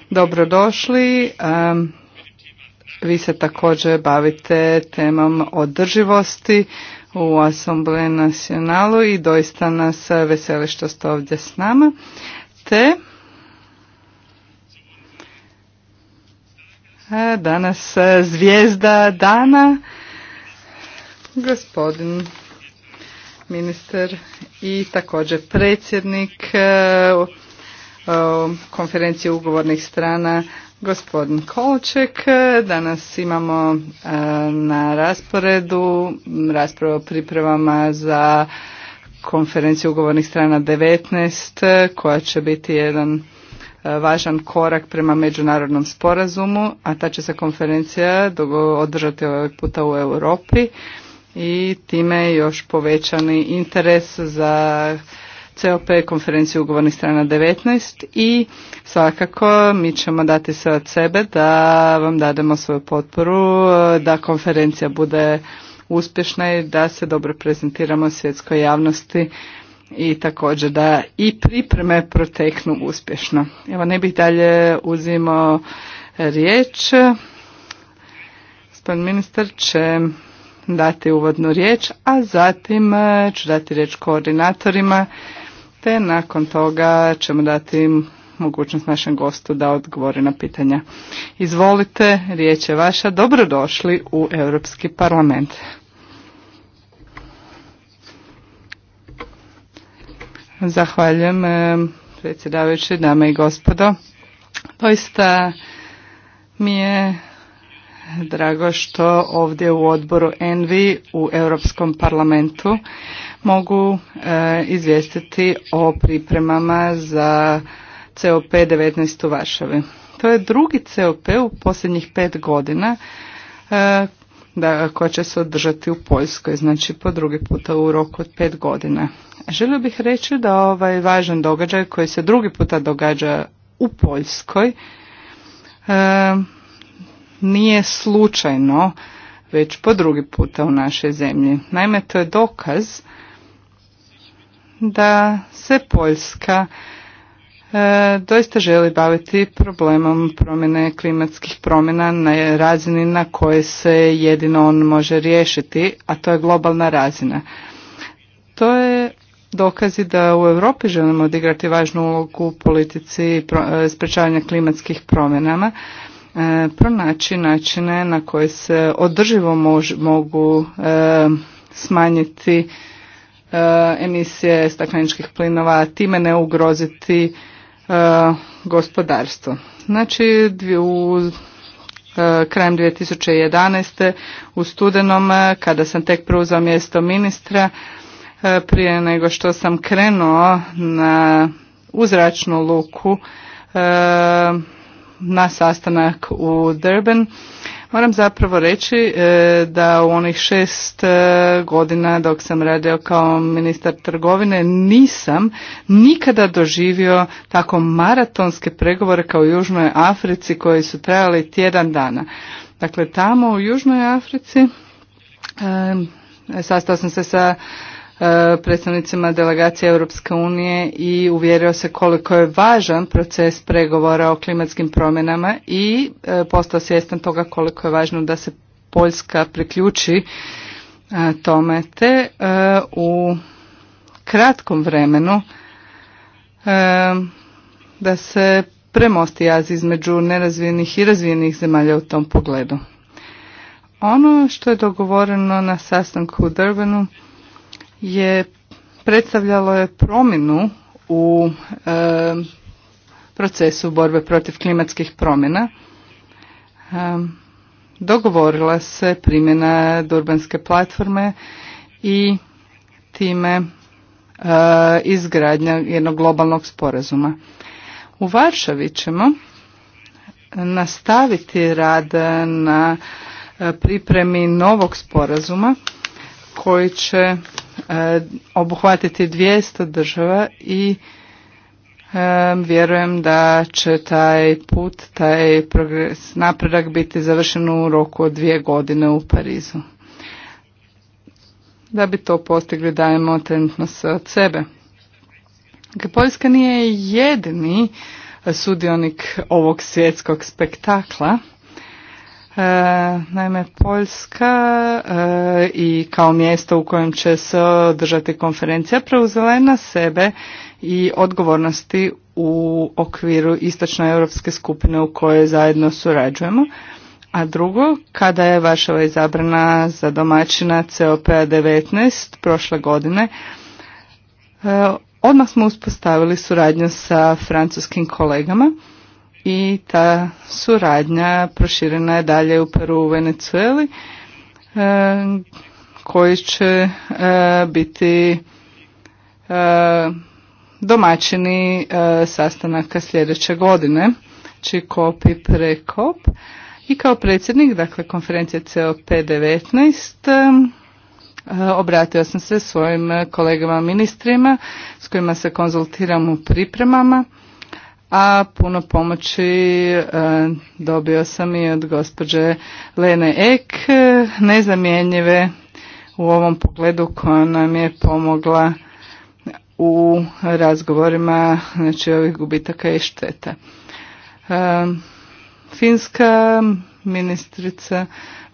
Dobrodošli. Vi se također bavite temom održivosti u Assemble Nacionalu i doista nas veseli što ste ovdje s nama. Te E, danas e, zvijezda dana, gospodin ministar i također predsjednik e, konferencije ugovornih strana gospodin Kolček. Danas imamo na rasporedu raspravu o pripremama za konferenciju ugovornih strana 19 koja će biti jedan važan korak prema međunarodnom sporazumu, a ta će se konferencija održati ovaj puta u Europi i time je još povećani interes za COP konferenciju ugovornih strana 19 i svakako mi ćemo dati sve od sebe da vam dademo svoju potporu, da konferencija bude uspješna i da se dobro prezentiramo svjetskoj javnosti i također da i pripreme proteknu uspješno. Evo ne bih dalje uzimao riječ. Gospodin ministar će dati uvodnu riječ, a zatim e, ću dati riječ koordinatorima, te nakon toga ćemo dati mogućnost našem gostu da odgovori na pitanja. Izvolite, riječ je vaša, dobrodošli u Europski parlament. Zahvaljujem eh, predsjedavajući, dame i gospodo. Doista mi je drago što ovdje u odboru Envi u Europskom parlamentu mogu eh, izvijestiti o pripremama za COP19 u Varšavi. To je drugi COP u posljednjih pet godina eh, da, koja će se održati u Poljskoj, znači po drugi puta u roku od pet godina. Želio bih reći da ovaj važan događaj koji se drugi puta događa u Poljskoj e, nije slučajno već po drugi puta u našoj zemlji. Naime, to je dokaz da se Poljska E, doista želi baviti problemom promjene klimatskih promjena na razini na koje se jedino on može riješiti, a to je globalna razina. To je dokazi da u Europi želimo odigrati važnu ulogu u politici e, sprečavanja klimatskih promjenama, e, pronaći načine na koje se održivo mogu smanjiti emisije stakleničkih plinova, time ne ugroziti E, gospodarstvo. Znači u e, krajem 2011. u studenom e, kada sam tek preuzeo mjesto ministra prije nego što sam krenuo na uzračnu luku na sastanak u Durban Moram zapravo reći e, da u onih šest e, godina dok sam radio kao ministar trgovine nisam nikada doživio tako maratonske pregovore kao u Južnoj Africi koji su trajali tjedan dana. Dakle, tamo u Južnoj Africi e, sastao sam se sa E, predstavnicima delegacije Europske unije i uvjerio se koliko je važan proces pregovora o klimatskim promjenama i e, postao svjestan toga koliko je važno da se Poljska priključi e, tome te u kratkom vremenu da se premosti jaz između nerazvijenih i razvijenih zemalja u tom pogledu. Ono što je dogovoreno na sastanku u Durbanu je predstavljalo je promjenu u e, procesu borbe protiv klimatskih promjena. E, dogovorila se primjena Durbanske platforme i time e, izgradnja jednog globalnog sporazuma. U Varšavi ćemo nastaviti rad na e, pripremi novog sporazuma koji će E, obuhvatiti 200 država i e, vjerujem da će taj put, taj napredak biti završen u roku od dvije godine u Parizu. Da bi to postigli dajemo trenutno od sebe. Dakle, Poljska nije jedini sudionik ovog svjetskog spektakla. E, naime, Poljska e, i kao mjesto u kojem će se održati konferencija preuzela je na sebe i odgovornosti u okviru europske skupine u kojoj zajedno surađujemo. A drugo, kada je Varšava izabrana za domaćina COPA 19 prošle godine, e, odmah smo uspostavili suradnju sa francuskim kolegama i ta suradnja proširena je dalje u Peru u Venecueli e, koji će e, biti e, domaćini sastanaka sljedeće godine, čiji znači i prekop. I kao predsjednik, dakle konferencije COP19, obratio sam se svojim kolegama ministrima s kojima se konzultiram u pripremama a puno pomoći e, dobio sam i od gospođe Lene Ek, nezamjenjive u ovom pogledu koja nam je pomogla u razgovorima znači, ovih gubitaka i šteta. E, finska ministrica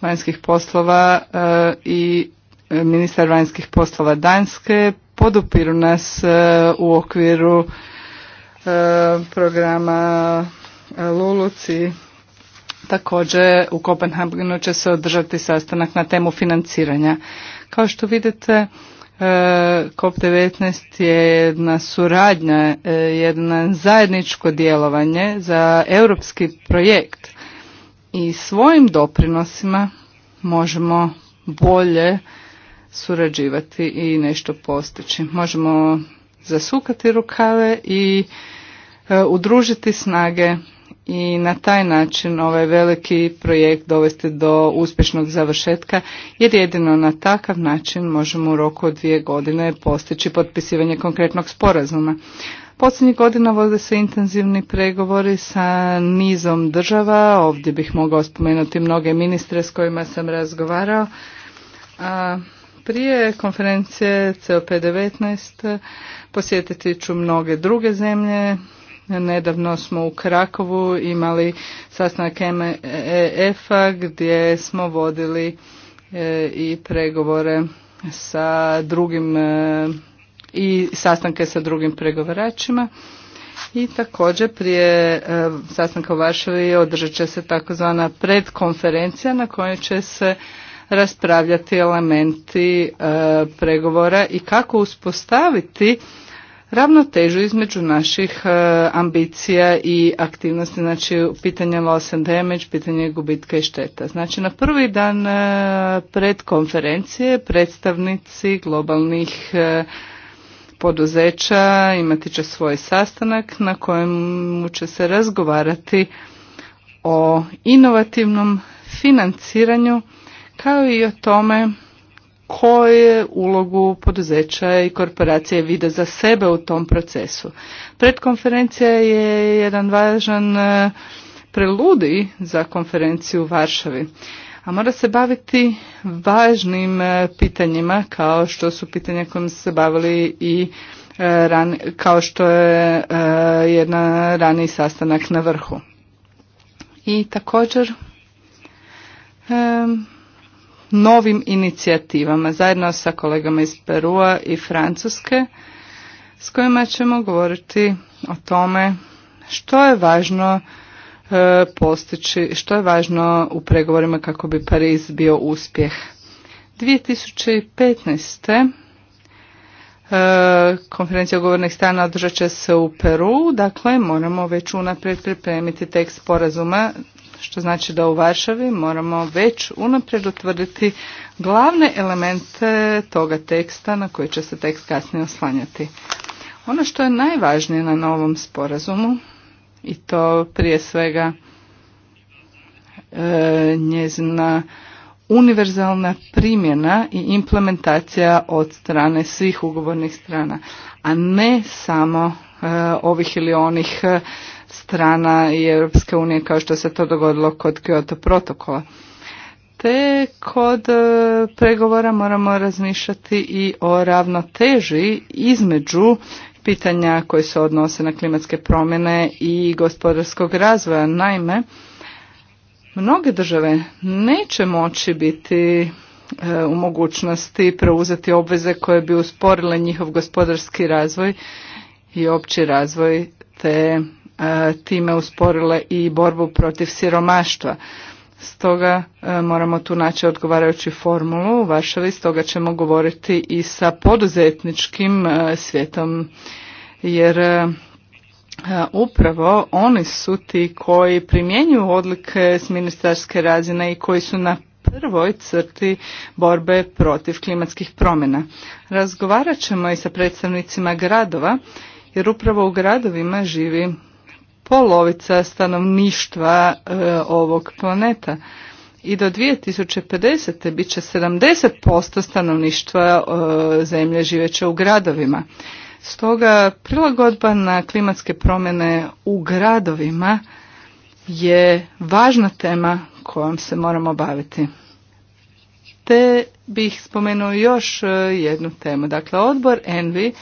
vanjskih poslova e, i ministar vanjskih poslova Danske podupiru nas u okviru E, programa e, Luluci. Također u Kopenhagenu će se održati sastanak na temu financiranja. Kao što vidite, e, COP19 je jedna suradnja, jedno zajedničko djelovanje za europski projekt i svojim doprinosima možemo bolje surađivati i nešto postići. Možemo zasukati rukave i E, udružiti snage i na taj način ovaj veliki projekt dovesti do uspješnog završetka jer jedino na takav način možemo u roku od dvije godine postići potpisivanje konkretnog sporazuma. Posljednjih godina vode se intenzivni pregovori sa nizom država, ovdje bih mogao spomenuti mnoge ministre s kojima sam razgovarao. A prije konferencije COP19 posjetiti ću mnoge druge zemlje, Nedavno smo u Krakovu imali sastanak mef e a gdje smo vodili e, i pregovore sa drugim e, i sastanke sa drugim pregovaračima. I također prije sastanka u Varšavi održat će se takozvana predkonferencija na kojoj će se raspravljati elementi pregovora i kako uspostaviti ravnotežu između naših e, ambicija i aktivnosti, znači pitanje loss and damage, pitanje gubitka i šteta. Znači na prvi dan e, pred konferencije predstavnici globalnih e, poduzeća imati će svoj sastanak na kojem će se razgovarati o inovativnom financiranju kao i o tome koje ulogu poduzeća i korporacije vide za sebe u tom procesu. Predkonferencija je jedan važan e, preludi za konferenciju u Varšavi, a mora se baviti važnim e, pitanjima kao što su pitanja kojim se bavili i e, kao što je jedan rani sastanak na vrhu. I također novim inicijativama zajedno sa kolegama iz Perua i Francuske s kojima ćemo govoriti o tome što je važno e, postići, što je važno u pregovorima kako bi Pariz bio uspjeh. 2015. E, konferencija ugovornih strana održat će se u Peru, dakle moramo već unaprijed pripremiti tekst sporazuma što znači da u Varšavi moramo već unaprijed utvrditi glavne elemente toga teksta na koji će se tekst kasnije oslanjati. Ono što je najvažnije na novom sporazumu i to prije svega e, njezina univerzalna primjena i implementacija od strane svih ugovornih strana, a ne samo e, ovih ili onih e, strana i Europske unije kao što se to dogodilo kod Kyoto protokola. Te kod e, pregovora moramo razmišljati i o ravnoteži između pitanja koje se odnose na klimatske promjene i gospodarskog razvoja. Naime, mnoge države neće moći biti e, u mogućnosti preuzeti obveze koje bi usporile njihov gospodarski razvoj i opći razvoj te E, time usporile i borbu protiv siromaštva. Stoga e, moramo tu naći odgovarajuću formulu u Varšavi, stoga ćemo govoriti i sa poduzetničkim e, svijetom jer upravo oni su ti koji primjenjuju odlike s ministarske razine i koji su na prvoj crti borbe protiv klimatskih promjena. Razgovarat ćemo i sa predstavnicima gradova jer upravo u gradovima živi polovica stanovništva e, ovog planeta. I do 2050. bit će 70% stanovništva e, zemlje živeće u gradovima. Stoga prilagodba na klimatske promjene u gradovima je važna tema kojom se moramo baviti. Te bih spomenuo još e, jednu temu. Dakle, odbor ENVI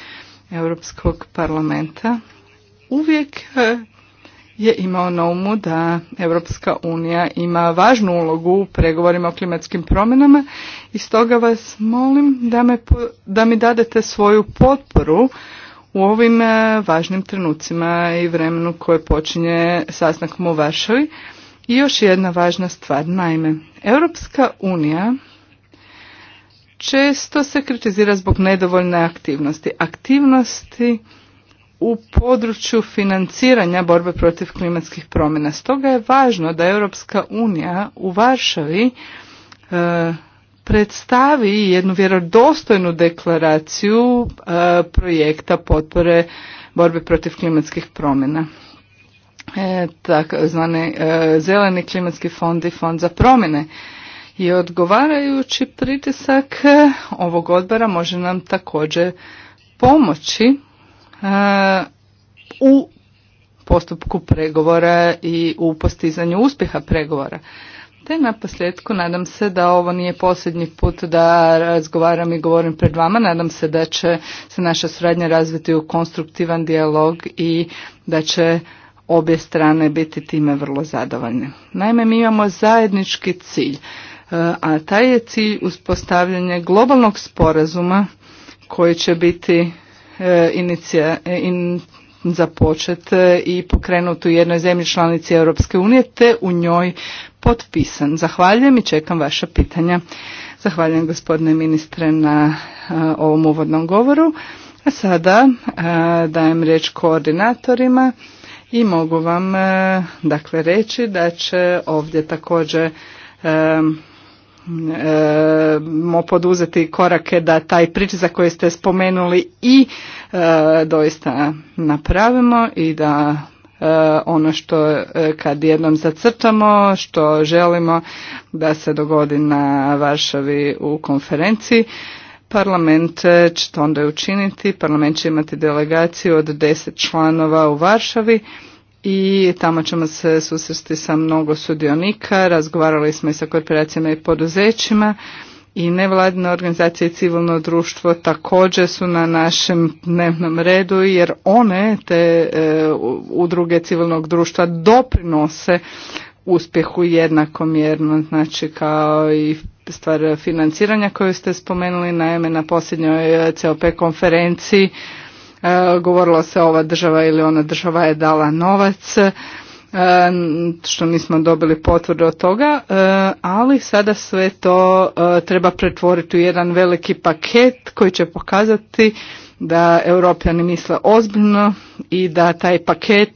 Europskog parlamenta uvijek e, je imao na umu da Europska unija ima važnu ulogu u pregovorima o klimatskim promjenama i stoga vas molim da, da mi dadete svoju potporu u ovim e, važnim trenucima i vremenu koje počinje sasnakom u Varšavi. I još jedna važna stvar, naime, Europska unija često se kritizira zbog nedovoljne aktivnosti. Aktivnosti u području financiranja borbe protiv klimatskih promjena. Stoga je važno da Europska unija u Varšavi e, predstavi jednu vjerodostojnu deklaraciju e, projekta potpore borbe protiv klimatskih promjena. E, tako zvane e, zeleni klimatski fond i fond za promjene. I odgovarajući pritisak ovog odbora može nam također pomoći u postupku pregovora i u postizanju uspjeha pregovora. Te na nadam se da ovo nije posljednji put da razgovaram i govorim pred vama. Nadam se da će se naša suradnja razviti u konstruktivan dijalog i da će obje strane biti time vrlo zadovoljne. Naime, mi imamo zajednički cilj, e, a taj je cilj uspostavljanje globalnog sporazuma koji će biti E, inicija, e, in, započet e, i pokrenut u jednoj zemlji članici Europske unije te u njoj potpisan. Zahvaljujem i čekam vaša pitanja. Zahvaljujem gospodine ministre na ovom uvodnom govoru. A sada dajem riječ koordinatorima i mogu vam dakle reći da će ovdje također mo poduzeti korake da taj za koje ste spomenuli i e, doista napravimo i da e, ono što e, kad jednom zacrtamo, što želimo da se dogodi na Varšavi u konferenciji, parlament će to onda učiniti, parlament će imati delegaciju od deset članova u Varšavi i tamo ćemo se susresti sa mnogo sudionika, razgovarali smo i sa korporacijama i poduzećima i nevladine organizacije i civilno društvo također su na našem dnevnom redu jer one te e, udruge civilnog društva doprinose uspjehu jednakomjerno znači kao i stvar financiranja koju ste spomenuli naime na posljednjoj e, COP konferenciji E, govorilo se ova država ili ona država je dala novac e, što nismo dobili potvrdu od toga, e, ali sada sve to treba pretvoriti u jedan veliki paket koji će pokazati da europljani misle ozbiljno i da taj paket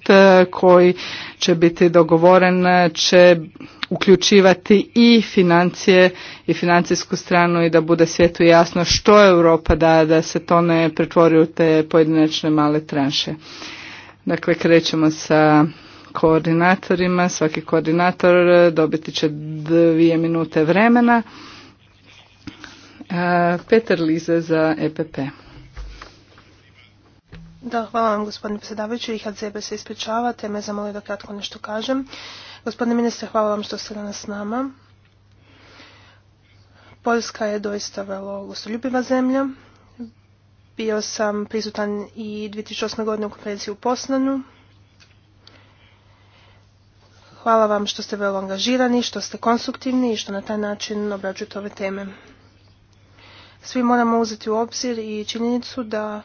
koji će biti dogovoren će uključivati i financije i financijsku stranu i da bude svijetu jasno što Europa da, da se to ne pretvori u te pojedinačne male tranše. Dakle, krećemo sa koordinatorima. Svaki koordinator e, dobiti će dvije minute vremena. E, Peter Lize za EPP. Da, hvala vam gospodine predsjedavajući. E se ispričava, me zamolio da kratko nešto kažem. Gospodine ministre, hvala vam što ste danas s nama. Poljska je doista vrlo gostoljubiva zemlja. Bio sam prisutan i 2008. godine u konferenciji u Poslanu. Hvala vam što ste vrlo angažirani, što ste konstruktivni i što na taj način obrađujete ove teme. Svi moramo uzeti u obzir i činjenicu da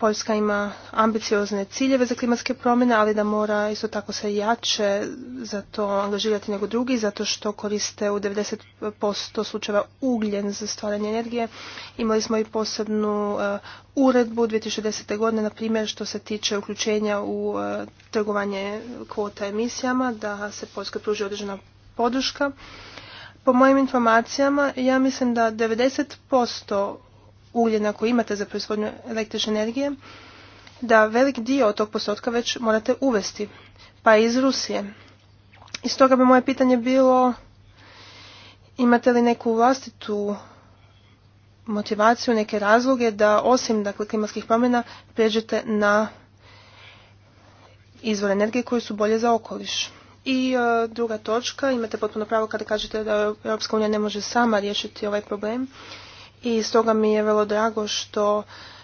Poljska ima ambiciozne ciljeve za klimatske promjene, ali da mora isto tako se jače za to angažirati nego drugi, zato što koriste u 90% slučajeva ugljen za stvaranje energije. Imali smo i posebnu e, uredbu 2010. godine, na primjer, što se tiče uključenja u e, trgovanje kvota emisijama, da se Poljska pruži određena podrška. Po mojim informacijama, ja mislim da 90% ugljena koji imate za proizvodnju električne energije, da velik dio od tog postotka već morate uvesti, pa iz Rusije. I stoga bi moje pitanje bilo imate li neku vlastitu motivaciju, neke razloge da osim dakle, klimatskih promjena pređete na izvore energije koji su bolje za okoliš. I e, druga točka, imate potpuno pravo kada kažete da Europska unija ne može sama riješiti ovaj problem i stoga mi je vrlo drago što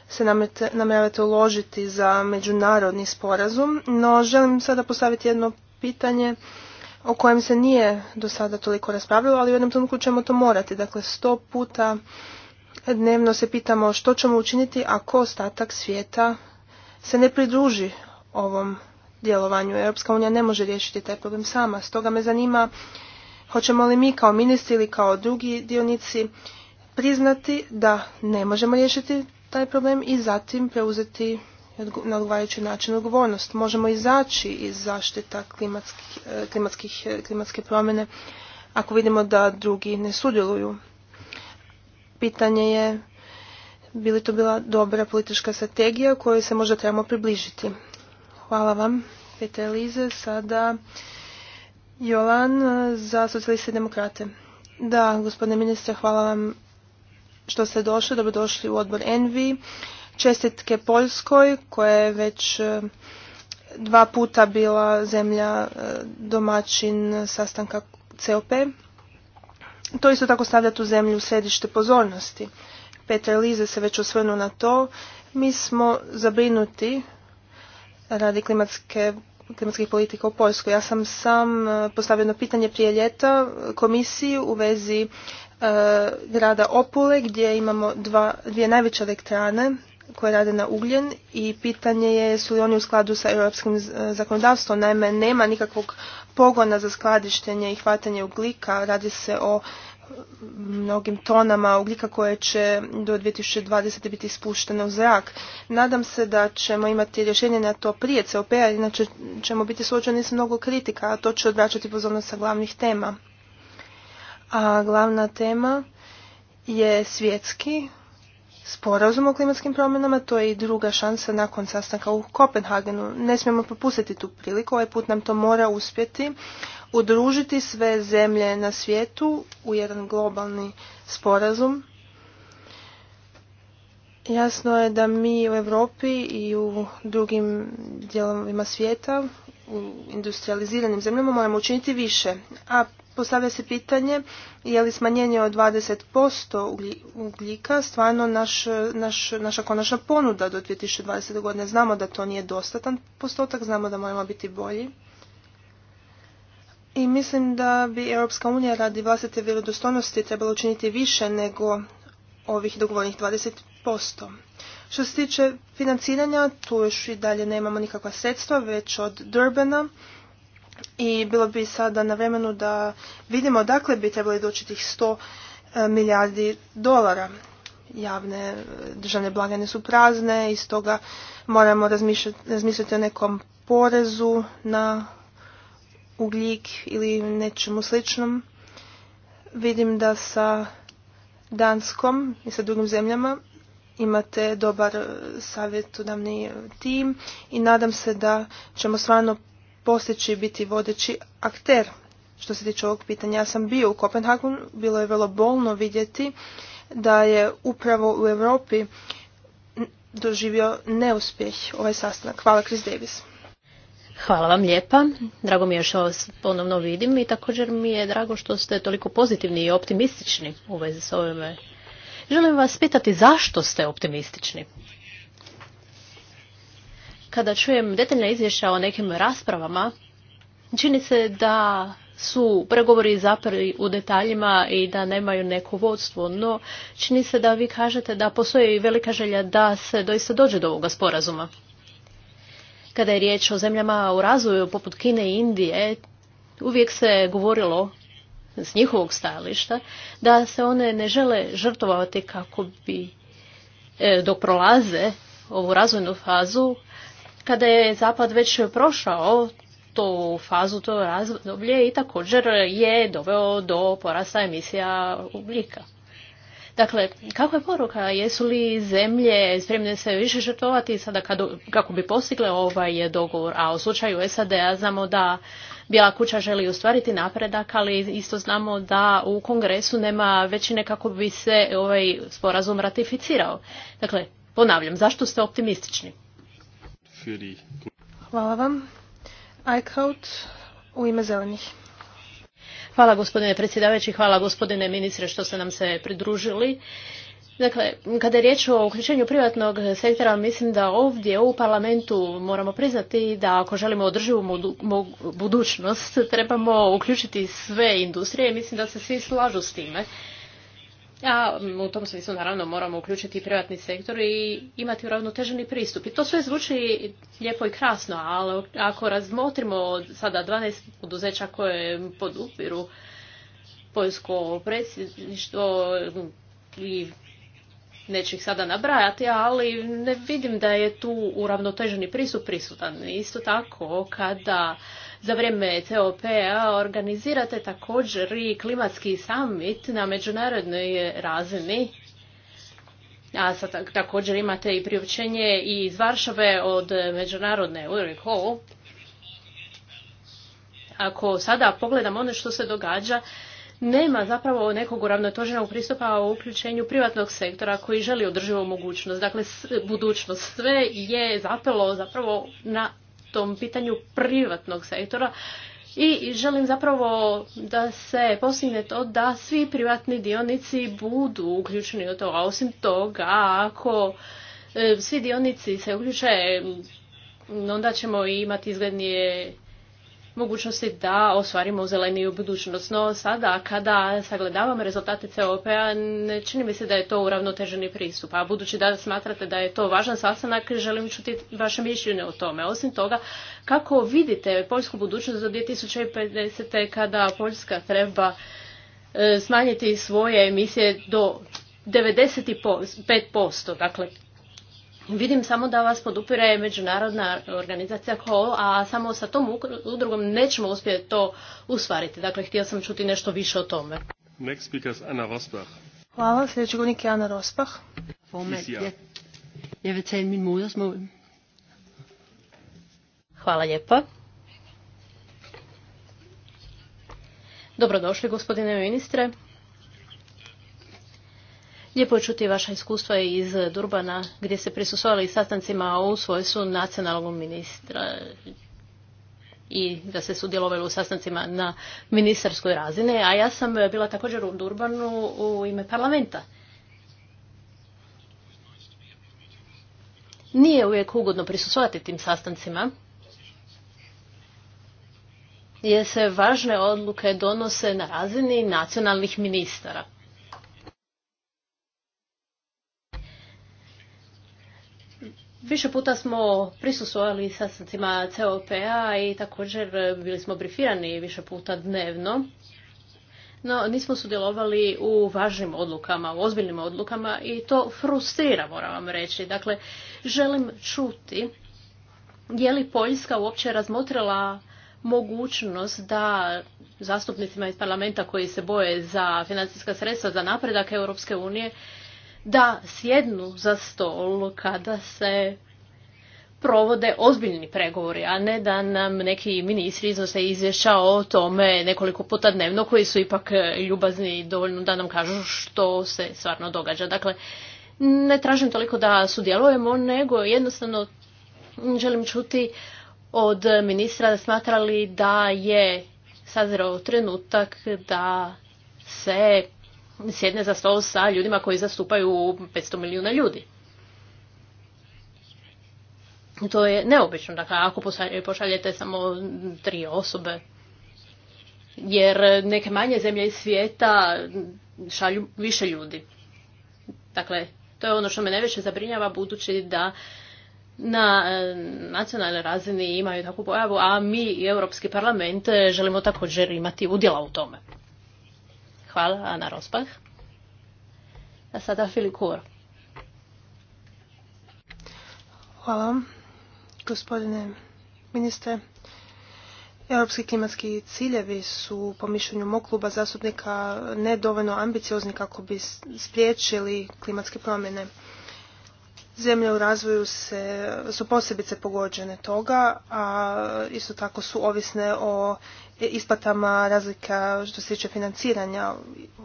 se namjeravate uložiti za međunarodni sporazum, no želim sada postaviti jedno pitanje o kojem se nije do sada toliko raspravljalo, ali u jednom trenutku ćemo to morati. Dakle, sto puta dnevno se pitamo što ćemo učiniti ako ostatak svijeta se ne pridruži ovom djelovanju. Europska unija ne može riješiti taj problem sama. Stoga me zanima hoćemo li mi kao ministri ili kao drugi dionici priznati da ne možemo riješiti taj problem i zatim preuzeti na odgovarajući način odgovornost. Možemo izaći iz zaštita klimatskih, e, klimatskih, e, klimatske promjene ako vidimo da drugi ne sudjeluju. Pitanje je bi li to bila dobra politička strategija kojoj se možda trebamo približiti. Hvala vam, Petra Elize. Sada Jolan e, za socijaliste demokrate. Da, gospodine ministre, hvala vam što ste došli, dobrodošli u odbor Envi. Čestitke Poljskoj koja je već e, dva puta bila zemlja e, domaćin sastanka COP. To isto tako stavlja tu zemlju u središte pozornosti. Petar Lize se već osvrnu na to. Mi smo zabrinuti radi klimatske klimatskih politika u Poljskoj. Ja sam sam e, postavio jedno pitanje prije ljeta komisiji u vezi E, grada Opule gdje imamo dva, dvije najveće elektrane koje rade na ugljen i pitanje je su li oni u skladu sa europskim e, zakonodavstvom. Naime, nema nikakvog pogona za skladištenje i hvatanje uglika. Radi se o mnogim tonama ugljika koje će do 2020. biti ispuštene u zrak. Nadam se da ćemo imati rješenje na to prije COP-a, inače ćemo biti suočeni s mnogo kritika, a to će odvraćati pozornost sa glavnih tema a glavna tema je svjetski sporazum o klimatskim promjenama, to je i druga šansa nakon sastanka u Kopenhagenu. Ne smijemo propustiti tu priliku, ovaj put nam to mora uspjeti udružiti sve zemlje na svijetu u jedan globalni sporazum. Jasno je da mi u Europi i u drugim dijelovima svijeta, u industrializiranim zemljama moramo učiniti više, a postavlja se pitanje je li smanjenje od 20% ugljika stvarno naš, naš, naša konačna ponuda do 2020. godine. Znamo da to nije dostatan postotak, znamo da moramo biti bolji. I mislim da bi Europska unija radi vlastite vjerodostojnosti trebala učiniti više nego ovih dogovornih 20%. Što se tiče financiranja, tu još i dalje nemamo nikakva sredstva, već od Durbana i bilo bi sada na vremenu da vidimo dakle bi trebali doći tih 100 e, milijardi dolara. Javne e, državne blagajne su prazne i stoga moramo razmisliti o nekom porezu na ugljik ili nečemu sličnom. Vidim da sa Danskom i sa drugim zemljama imate dobar e, savjetodavni tim i nadam se da ćemo stvarno postići biti vodeći akter što se tiče ovog pitanja. Ja sam bio u Kopenhagenu, bilo je vrlo bolno vidjeti da je upravo u Europi doživio neuspjeh ovaj sastanak. Hvala Chris Davis. Hvala vam lijepa. Drago mi je što vas ponovno vidim i također mi je drago što ste toliko pozitivni i optimistični u vezi s ovime. Želim vas pitati zašto ste optimistični? kada čujem detaljna izvješća o nekim raspravama, čini se da su pregovori zapeli u detaljima i da nemaju neko vodstvo, no čini se da vi kažete da i velika želja da se doista dođe do ovoga sporazuma. Kada je riječ o zemljama u razvoju poput Kine i Indije, uvijek se govorilo s njihovog stajališta da se one ne žele žrtovati kako bi e, dok prolaze ovu razvojnu fazu kada je Zapad već prošao tu fazu, to razdoblje i također je doveo do porasta emisija ugljika. Dakle, kakva je poruka? Jesu li zemlje spremne se više žrtovati sada kad, kako bi postigle ovaj dogovor? A u slučaju SAD-a znamo da Bijela kuća želi ostvariti napredak, ali isto znamo da u kongresu nema većine kako bi se ovaj sporazum ratificirao. Dakle, ponavljam, zašto ste optimistični? Hvala vam. Eichhout u ime zelenih. Hvala gospodine predsjedavajući, hvala gospodine ministre što ste nam se pridružili. Dakle, kada je riječ o uključenju privatnog sektora, mislim da ovdje u parlamentu moramo priznati da ako želimo održivu budućnost, trebamo uključiti sve industrije i mislim da se svi slažu s time a u tom smislu naravno moramo uključiti privatni sektor i imati uravnoteženi pristup. I to sve zvuči lijepo i krasno, ali ako razmotrimo sada 12 poduzeća koje podupiru poljsko predsjedništvo i neću ih sada nabrajati, ali ne vidim da je tu uravnoteženi pristup prisutan. Isto tako, kada za vrijeme COP-a organizirate također i klimatski summit na međunarodnoj razini. A sad također imate i priopćenje i iz Varšave od međunarodne HOU. Ako sada pogledamo ono što se događa, nema zapravo nekog uravnotoženog pristupa u uključenju privatnog sektora koji želi održivu mogućnost. Dakle, budućnost sve je zapelo zapravo na tom pitanju privatnog sektora i želim zapravo da se postigne to da svi privatni dionici budu uključeni u to. A osim toga, ako e, svi dionici se uključe, onda ćemo imati izglednije mogućnosti da ostvarimo zeleniju budućnost. No sada kada sagledavamo rezultate COP-a ne čini mi se da je to uravnoteženi pristup. A budući da smatrate da je to važan sastanak, želim čuti vaše mišljenje o tome. Osim toga, kako vidite poljsku budućnost do 2050. kada Poljska treba e, smanjiti svoje emisije do 95%, dakle Vidim samo da vas podupire međunarodna organizacija KOL, a samo sa tom udrugom nećemo uspjeti to usvariti. Dakle, htio sam čuti nešto više o tome. Hvala, sljedeći je Anna Rosbach. Hvala lijepa. Dobrodošli, gospodine ministre. Lijepo je čuti vaša iskustva iz Durbana gdje ste prisustvovali sastancima u svojstvu nacionalnog ministra i da se sudjelovali u sastancima na ministarskoj razine, a ja sam bila također u Durbanu u ime parlamenta. Nije uvijek ugodno prisustvovati tim sastancima, jer se važne odluke donose na razini nacionalnih ministara. Više puta smo prisustvovali sastancima COP-a i također e, bili smo brifirani više puta dnevno. No, nismo sudjelovali u važnim odlukama, u ozbiljnim odlukama i to frustrira, moram vam reći. Dakle, želim čuti je li Poljska uopće razmotrila mogućnost da zastupnicima iz parlamenta koji se boje za financijska sredstva za napredak Europske unije da sjednu za stol kada se provode ozbiljni pregovori, a ne da nam neki ministri iznose izvješća o tome nekoliko puta dnevno koji su ipak e, ljubazni i dovoljno da nam kažu što se stvarno događa. Dakle, ne tražim toliko da sudjelujemo, nego jednostavno želim čuti od ministra da smatrali da je sazreo trenutak da se sjedne za stol sa ljudima koji zastupaju 500 milijuna ljudi. To je neobično, dakle, ako pošaljete samo tri osobe, jer neke manje zemlje iz svijeta šalju više ljudi. Dakle, to je ono što me najviše zabrinjava budući da na e, nacionalnoj razini imaju takvu pojavu, a mi, i Europski parlament, e, želimo također imati udjela u tome. Hvala, Ana A sada Kuro. Hvala gospodine ministre. Europski klimatski ciljevi su, po mišljenju mog kluba zastupnika, nedovoljno ambiciozni kako bi spriječili klimatske promjene. Zemlje u razvoju se, su posebice pogođene toga, a isto tako su ovisne o isplatama razlika što se tiče financiranja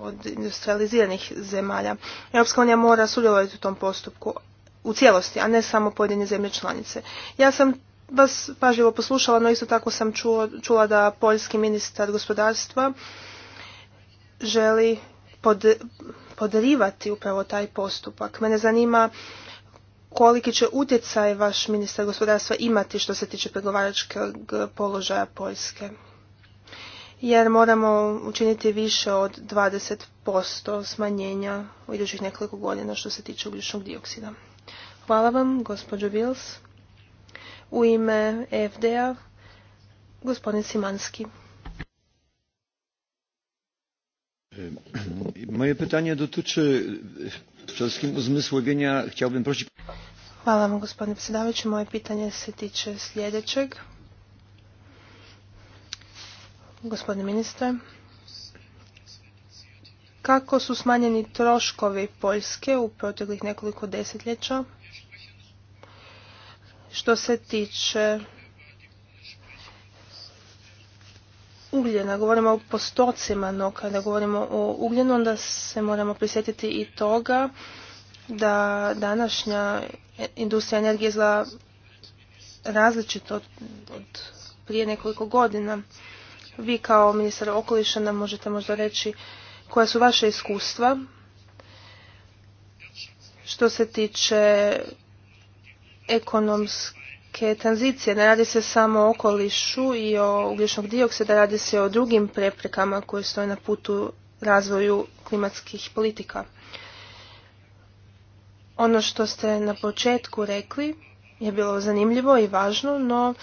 od industrializiranih zemalja. Europska unija mora sudjelovati u tom postupku u cijelosti, a ne samo pojedine zemlje članice. Ja sam vas pažljivo poslušala, no isto tako sam čula, čula da poljski ministar gospodarstva želi pod, podrivati upravo taj postupak. Mene zanima koliki će utjecaj vaš ministar gospodarstva imati što se tiče pregovaračkog položaja Poljske jer moramo učiniti više od 20% smanjenja u idućih nekoliko godina što se tiče ugljičnog dioksida. Hvala vam, gospođo Bils. U ime FDA, gospodin Simanski. Ehm, moje pitanje dotyczy čovskim e, Chciałbym prosić... Hvala vam, gospodine predsjedavajući. Moje pitanje se tiče sljedećeg. Gospodine ministre, kako su smanjeni troškovi Poljske u proteklih nekoliko desetljeća što se tiče ugljena, govorimo o postocima, no kada govorimo o ugljenu onda se moramo prisjetiti i toga da današnja industrija energije zla različito od prije nekoliko godina vi kao ministar okoliša nam možete možda reći koja su vaše iskustva što se tiče ekonomske tranzicije. Ne radi se samo o okolišu i o ugljičnog dioksida, radi se o drugim preprekama koje stoje na putu razvoju klimatskih politika. Ono što ste na početku rekli je bilo zanimljivo i važno, no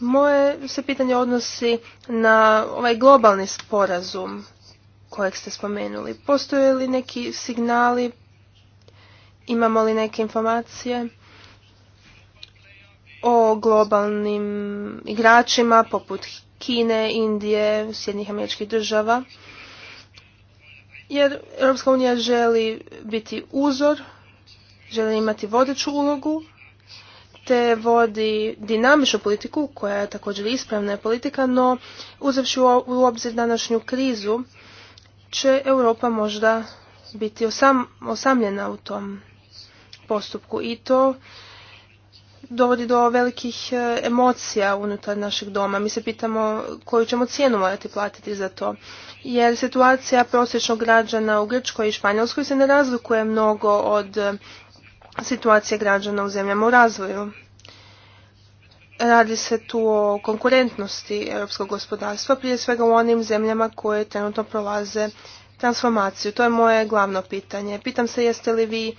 moje se pitanje odnosi na ovaj globalni sporazum kojeg ste spomenuli. Postoje li neki signali, imamo li neke informacije o globalnim igračima poput Kine, Indije, Sjednih američkih država? Jer Europska unija želi biti uzor, želi imati vodeću ulogu, te vodi dinamičnu politiku koja je također ispravna politika, no uzevši u obzir današnju krizu će Europa možda biti osam, osamljena u tom postupku i to dovodi do velikih e, emocija unutar našeg doma. Mi se pitamo koju ćemo cijenu morati platiti za to. Jer situacija prosječnog građana u Grčkoj i Španjolskoj se ne razlikuje mnogo od situacije građana u zemljama u razvoju. Radi se tu o konkurentnosti europskog gospodarstva, prije svega u onim zemljama koje trenutno prolaze transformaciju. To je moje glavno pitanje. Pitam se jeste li vi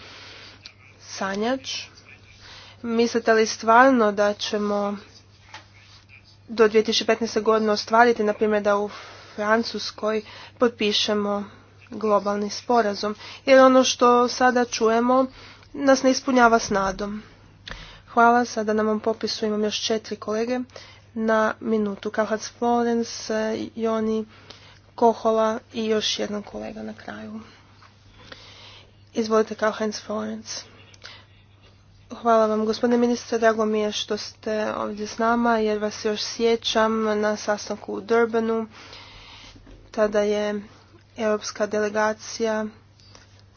sanjač? Mislite li stvarno da ćemo do 2015. godine ostvariti, na primjer da u Francuskoj potpišemo globalni sporazum? Jer ono što sada čujemo nas ne ispunjava s nadom. Hvala, sada na mom popisu imam još četiri kolege na minutu. Kahac Florens, Joni Kohola i još jedan kolega na kraju. Izvolite Kahac Florens. Hvala vam gospodine ministre, drago mi je što ste ovdje s nama jer vas još sjećam na sastanku u Durbanu. Tada je europska delegacija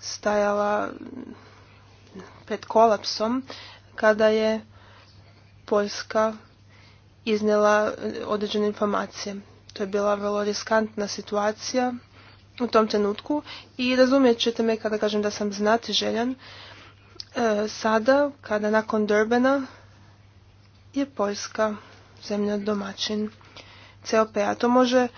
stajala pred kolapsom kada je Poljska iznijela određene informacije. To je bila vrlo riskantna situacija u tom trenutku i razumjet ćete me kada kažem da sam znati željan e, sada kada nakon Durbana je Poljska zemlja domaćin COP. A to može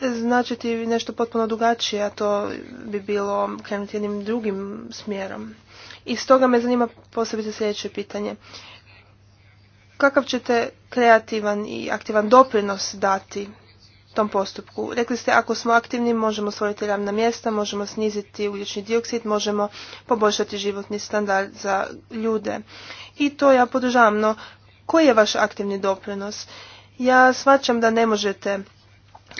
značiti nešto potpuno drugačije, a to bi bilo krenuti jednim drugim smjerom. I stoga me zanima posebice sljedeće pitanje. Kakav ćete kreativan i aktivan doprinos dati tom postupku? Rekli ste ako smo aktivni možemo stvoriti ravna mjesta, možemo sniziti ulični dioksid, možemo poboljšati životni standard za ljude. I to ja podržavam, no koji je vaš aktivni doprinos? Ja svačam da ne možete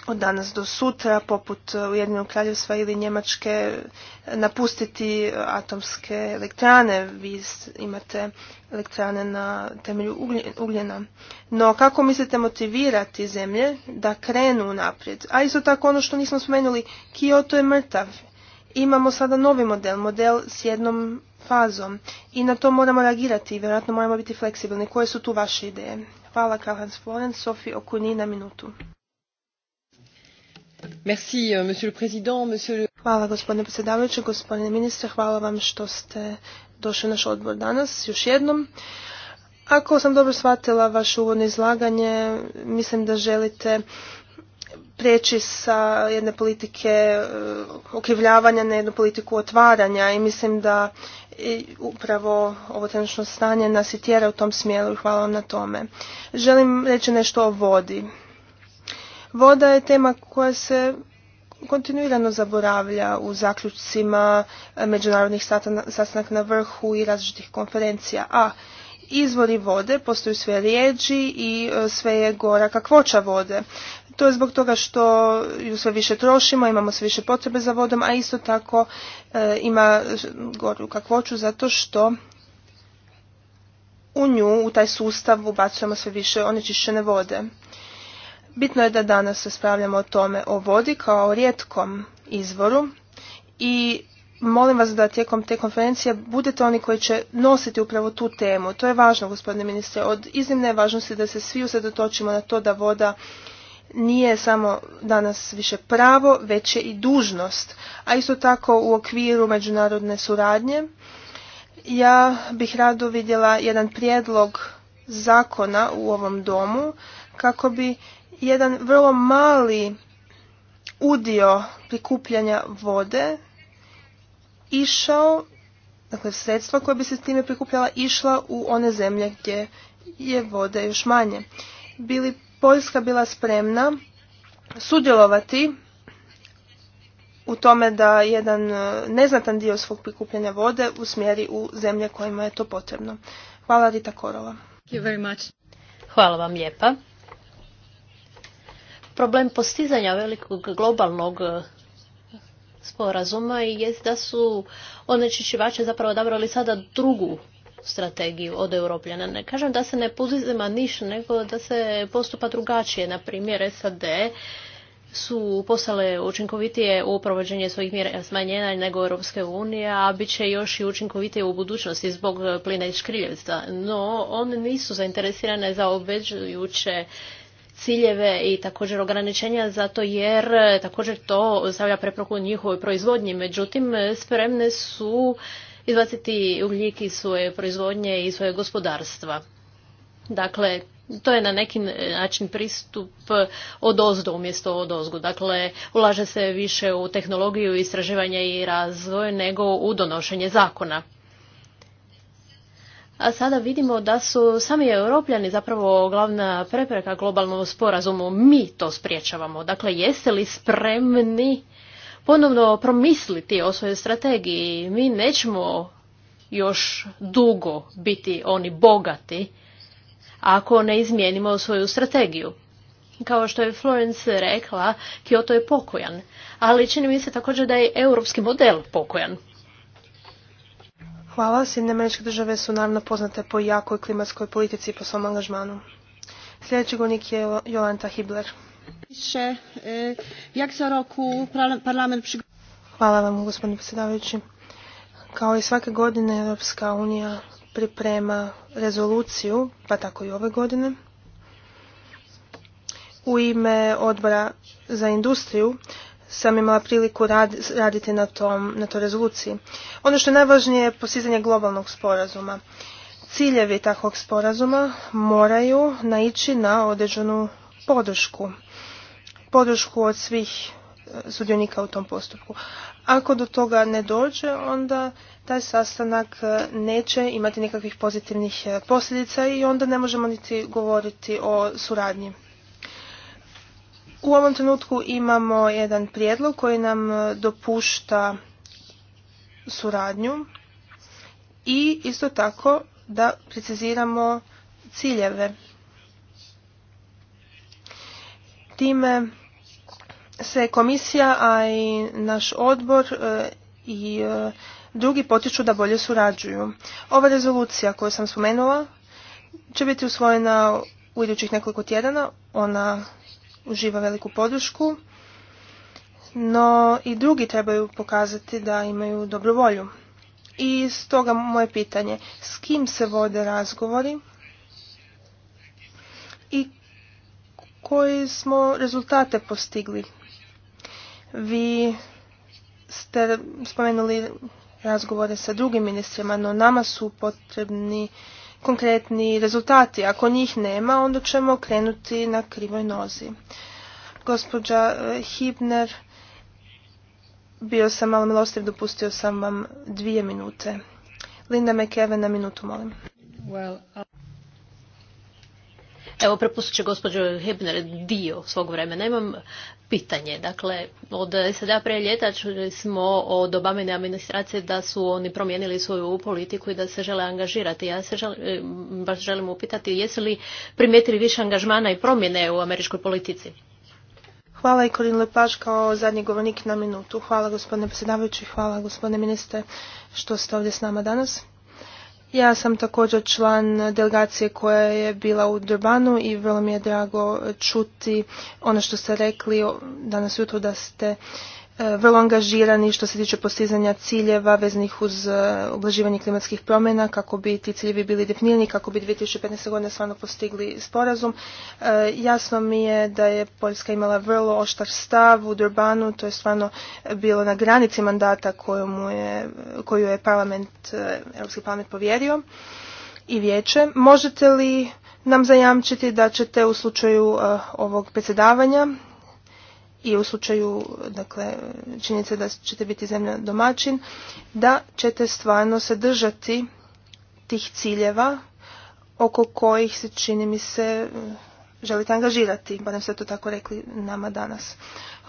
od danas do sutra, poput e, Ujedinog kraljevstva ili Njemačke, e, napustiti e, atomske elektrane. Vi imate elektrane na temelju ugljena. No kako mislite motivirati zemlje da krenu naprijed? A isto tako ono što nismo spomenuli, Kyoto je mrtav. Imamo sada novi model, model s jednom fazom i na to moramo reagirati i vjerojatno moramo biti fleksibilni. Koje su tu vaše ideje? Hvala Karhans Florence, Sofi Okunina na minutu. Euh, hvala gospodine predsjedavajući, gospodine ministre, hvala vam što ste došli naš odbor danas još jednom. Ako sam dobro shvatila vaše uvodno izlaganje, mislim da želite preći sa jedne politike eh, okrivljavanja na jednu politiku otvaranja i mislim da upravo ovo trenutno stanje nas i tjera u tom smjeru i hvala vam na tome. Želim reći nešto o vodi. Voda je tema koja se kontinuirano zaboravlja u zaključcima međunarodnih sastanaka na vrhu i različitih konferencija, a izvori vode postaju sve rijeđi i e, sve je gora kakvoća vode. To je zbog toga što ju sve više trošimo, imamo sve više potrebe za vodom, a isto tako e, ima goru kakvoću zato što u nju, u taj sustav ubacujemo sve više onečišćene vode. Bitno je da danas raspravljamo o tome o vodi kao o rijetkom izvoru i molim vas da tijekom te konferencije budete oni koji će nositi upravo tu temu. To je važno, gospodine ministre. Od iznimne važnosti da se svi usredotočimo na to da voda nije samo danas više pravo, već je i dužnost. A isto tako u okviru međunarodne suradnje ja bih rado vidjela jedan prijedlog zakona u ovom domu kako bi jedan vrlo mali udio prikupljanja vode išao, dakle sredstva koja bi se s time prikupljala išla u one zemlje gdje je vode još manje. Bili Poljska bila spremna sudjelovati u tome da jedan e, neznatan dio svog prikupljanja vode usmjeri u zemlje kojima je to potrebno. Hvala Rita Korova. Hvala vam lijepa problem postizanja velikog globalnog e, sporazuma i jest da su onečišćivači zapravo odabrali sada drugu strategiju od Europljana. Ne kažem da se ne poduzima niš, nego da se postupa drugačije. Na primjer, SAD su postale učinkovitije u provođenje svojih mjera smanjenja nego Europske unije, a bit će još i učinkovitije u budućnosti zbog plina i škriljevca. No, one nisu zainteresirane za obveđujuće ciljeve i također ograničenja zato jer također to stavlja preproku njihovoj proizvodnji. Međutim, spremne su izbaciti ugljik iz svoje proizvodnje i svoje gospodarstva. Dakle, to je na neki način pristup od ozdo umjesto od ozgu. Dakle, ulaže se više u tehnologiju, istraživanje i razvoj nego u donošenje zakona a sada vidimo da su sami europljani zapravo glavna prepreka globalnom sporazumu. Mi to spriječavamo. Dakle, jeste li spremni ponovno promisliti o svojoj strategiji? Mi nećemo još dugo biti oni bogati ako ne izmijenimo svoju strategiju. Kao što je Florence rekla, Kyoto je pokojan, ali čini mi se također da je europski model pokojan. Hvala. sjedinjene američke države su naravno poznate po jakoj klimatskoj politici i po svom angažmanu. Sljedeći govornik je Jolanta Hibler. E, Hvala vam, gospodine predsjedavajući. Kao i svake godine, Europska unija priprema rezoluciju, pa tako i ove godine, u ime odbora za industriju sam imala priliku raditi na, tom, toj rezoluciji. Ono što je najvažnije je postizanje globalnog sporazuma. Ciljevi takvog sporazuma moraju naići na određenu podršku. Podršku od svih e, sudionika u tom postupku. Ako do toga ne dođe, onda taj sastanak e, neće imati nikakvih pozitivnih e, posljedica i onda ne možemo niti govoriti o suradnji u ovom trenutku imamo jedan prijedlog koji nam e, dopušta suradnju i isto tako da preciziramo ciljeve. Time se komisija, a i naš odbor e, i e, drugi potiču da bolje surađuju. Ova rezolucija koju sam spomenula će biti usvojena u idućih nekoliko tjedana. Ona uživa veliku podršku, no i drugi trebaju pokazati da imaju dobru volju. I stoga moje pitanje, s kim se vode razgovori i koji smo rezultate postigli? Vi ste spomenuli razgovore sa drugim ministrima, no nama su potrebni konkretni rezultati. Ako njih nema, onda ćemo krenuti na krivoj nozi. Gospođa e, Hibner, bio sam malo milostiv, dopustio sam vam dvije minute. Linda McEwen na minutu, molim. Evo, prepustit će gospođo Hebner dio svog vremena. Imam pitanje. Dakle, od sada prije ljeta čuli smo od obamene administracije da su oni promijenili svoju politiku i da se žele angažirati. Ja se e, baš želim upitati jesu li primijetili više angažmana i promjene u američkoj politici? Hvala i Korin Lepaš kao zadnji govornik na minutu. Hvala gospodine predsjedavajući, hvala gospodine ministre što ste ovdje s nama danas. Ja sam također član delegacije koja je bila u Durbanu i vrlo mi je drago čuti ono što ste rekli danas jutro da ste E, vrlo angažirani što se tiče postizanja ciljeva vezanih uz oblaživanje e, klimatskih promjena kako bi ti ciljevi bili definirani, kako bi 2015. godine stvarno postigli sporazum. E, jasno mi je da je Poljska imala vrlo oštar stav u Durbanu, to je stvarno bilo na granici mandata koju, je, parlament, Europski parlament povjerio i vijeće. Možete li nam zajamčiti da ćete u slučaju ovog predsjedavanja i u slučaju dakle, činjenice da ćete biti zemlja domaćin, da ćete stvarno se držati tih ciljeva oko kojih se čini mi se želite angažirati, barem ste to tako rekli nama danas.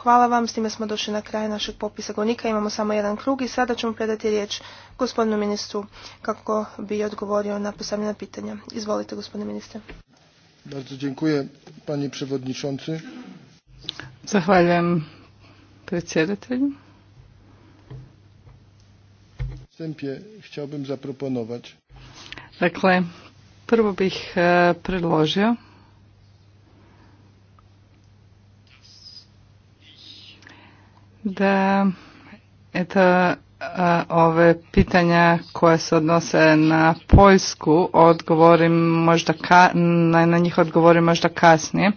Hvala vam, s time smo došli na kraj našeg popisa govornika, imamo samo jedan krug i sada ćemo predati riječ gospodinu ministru kako bi odgovorio na postavljena pitanja. Izvolite gospodine ministre. Bardzo dziękuję, panie przewodniczący. Zahvaljujem predsjedatelju. htio bih zaproponować. Dakle, prvo bih e, predložio da eto e, ove pitanja koja se odnose na Poljsku odgovorim možda na, na njih odgovorim možda kasnije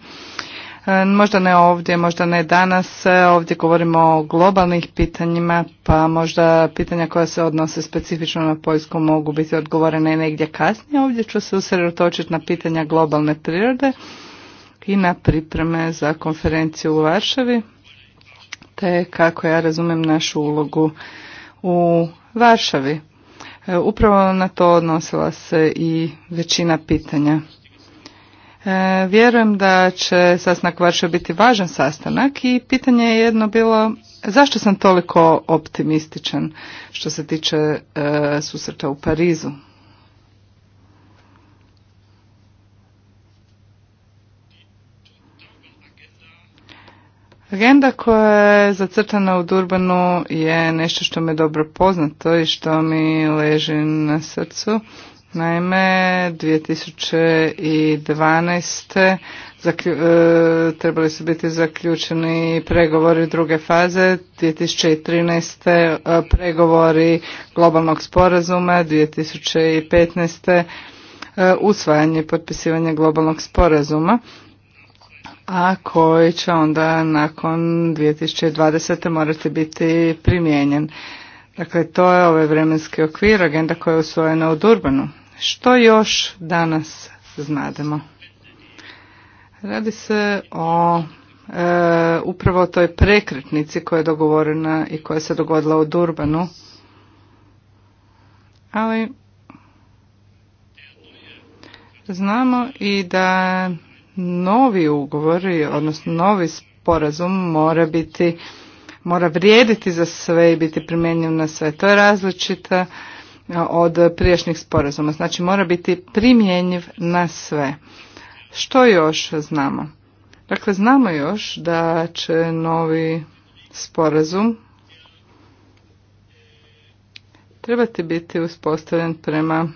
E, možda ne ovdje, možda ne danas. E, ovdje govorimo o globalnih pitanjima, pa možda pitanja koja se odnose specifično na Poljsku mogu biti odgovorene negdje kasnije. Ovdje ću se usredotočiti na pitanja globalne prirode i na pripreme za konferenciju u Varšavi, te kako ja razumijem našu ulogu u Varšavi. E, upravo na to odnosila se i većina pitanja. E, vjerujem da će sastanak Varše biti važan sastanak i pitanje je jedno bilo zašto sam toliko optimističan što se tiče e, susreta u Parizu. Agenda koja je zacrtana u Durbanu je nešto što me dobro poznato i što mi leži na srcu Naime, 2012. Zaklju, e, trebali su biti zaključeni pregovori druge faze, 2013. E, pregovori globalnog sporazuma, 2015. E, usvajanje i potpisivanje globalnog sporazuma a koji će onda nakon 2020. morati biti primijenjen. Dakle, to je ovaj vremenski okvir, agenda koja je usvojena u Durbanu. Što još danas znademo? Radi se o e, upravo toj prekretnici koja je dogovorena i koja se dogodila u Durbanu. Ali znamo i da novi ugovori, odnosno novi sporazum mora biti mora vrijediti za sve i biti primjenjiv na sve. To je različita e, od prijašnjih sporazuma. Znači mora biti primjenjiv na sve. Što još znamo? Dakle, znamo još da će novi sporazum trebati biti uspostavljen prema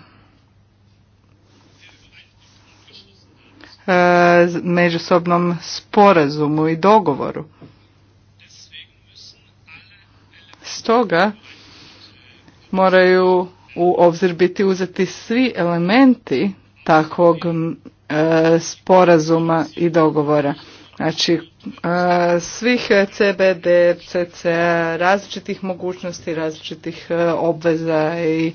e, međusobnom sporazumu i dogovoru toga moraju u obzir biti uzeti svi elementi takvog e, sporazuma i dogovora. Znači, e, svih CBD, CC, različitih mogućnosti, različitih e, obveza i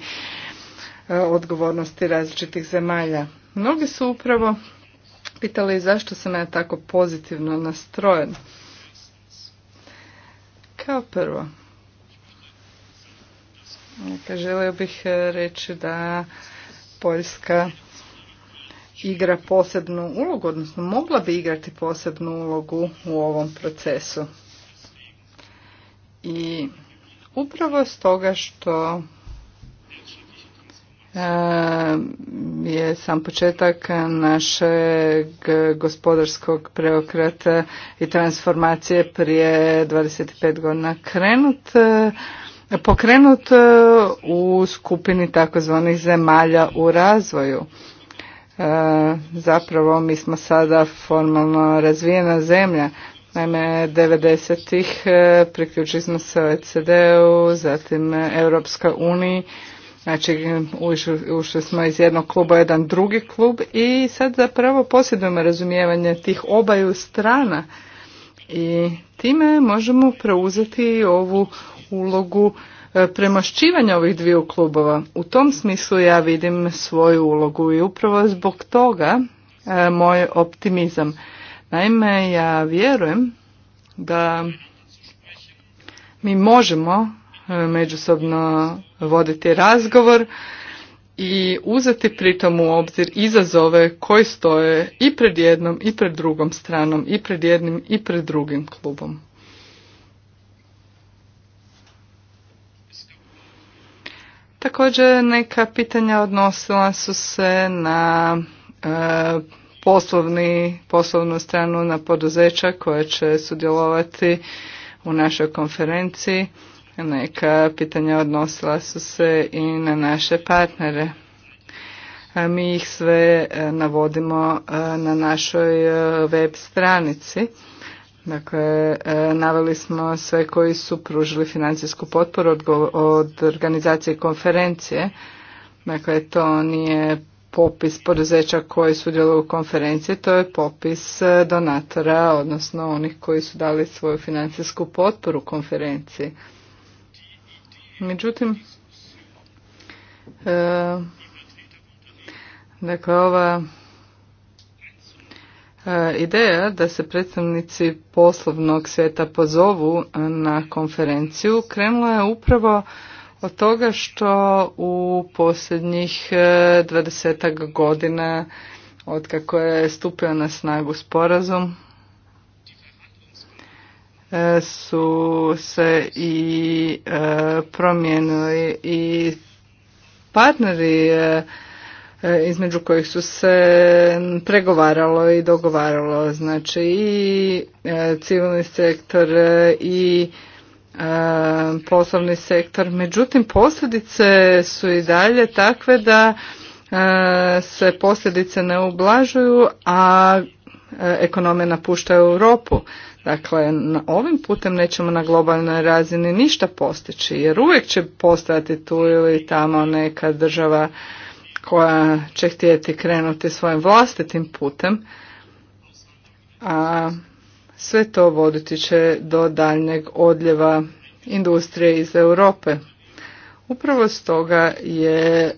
odgovornosti različitih zemalja. Mnogi su upravo pitali zašto sam ja tako pozitivno nastrojen. Kao prvo, Želio bih e, reći da Poljska igra posebnu ulogu, odnosno mogla bi igrati posebnu ulogu u ovom procesu. I upravo stoga što e, je sam početak našeg gospodarskog preokrata i transformacije prije 25 godina krenut pokrenut e, u skupini takozvanih zemalja u razvoju. E, zapravo mi smo sada formalno razvijena zemlja. Naime, 90-ih e, priključili smo se OECD-u, zatim Europska uniji, znači ušli smo iz jednog kluba u jedan drugi klub i sad zapravo posjedujemo razumijevanje tih obaju strana i time možemo preuzeti ovu ulogu e, premašćivanja ovih dviju klubova. U tom smislu ja vidim svoju ulogu i upravo zbog toga e, moj optimizam. Naime, ja vjerujem da mi možemo e, međusobno voditi razgovor i uzeti pritom u obzir izazove koji stoje i pred jednom i pred drugom stranom i pred jednim i pred drugim klubom. Također neka pitanja odnosila su se na e, poslovni, poslovnu stranu na poduzeća koja će sudjelovati u našoj konferenciji. Neka pitanja odnosila su se i na naše partnere. E, mi ih sve e, navodimo e, na našoj web stranici Dakle, e, naveli smo sve koji su pružili financijsku potporu od organizacije konferencije. Dakle, to nije popis poduzeća koji su u konferenciji, to je popis e, donatora, odnosno onih koji su dali svoju financijsku potporu konferenciji. Međutim, e, dakle, ova E, ideja da se predstavnici poslovnog svijeta pozovu na konferenciju krenula je upravo od toga što u posljednjih e, dvadesetak godina od kako je stupio na snagu sporazum e, su se i promijenili i partneri E, između kojih su se pregovaralo i dogovaralo, znači i e, civilni sektor e, i poslovni sektor. Međutim, posljedice su i dalje takve da se posljedice ne ublažuju, a ekonome napuštaju Europu. Dakle, ovim putem nećemo na globalnoj razini ništa postići, jer uvijek će postojati tu ili tamo neka država koja će htjeti krenuti svojim vlastitim putem, a sve to voditi će do daljnjeg odljeva industrije iz Europe. Upravo stoga je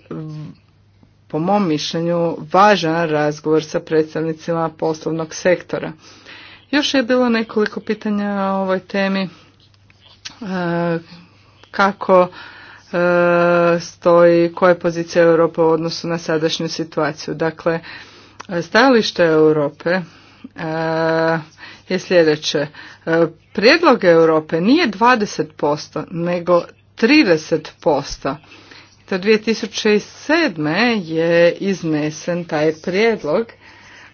po mom mišljenju važan razgovor sa predstavnicima poslovnog sektora. Još je bilo nekoliko pitanja o ovoj temi. E, kako E, stoji koja je pozicija Europe u odnosu na sadašnju situaciju. Dakle, stajalište Europe e, je sljedeće. E, prijedlog Europe nije 20%, nego 30%. Do 2007. je iznesen taj prijedlog,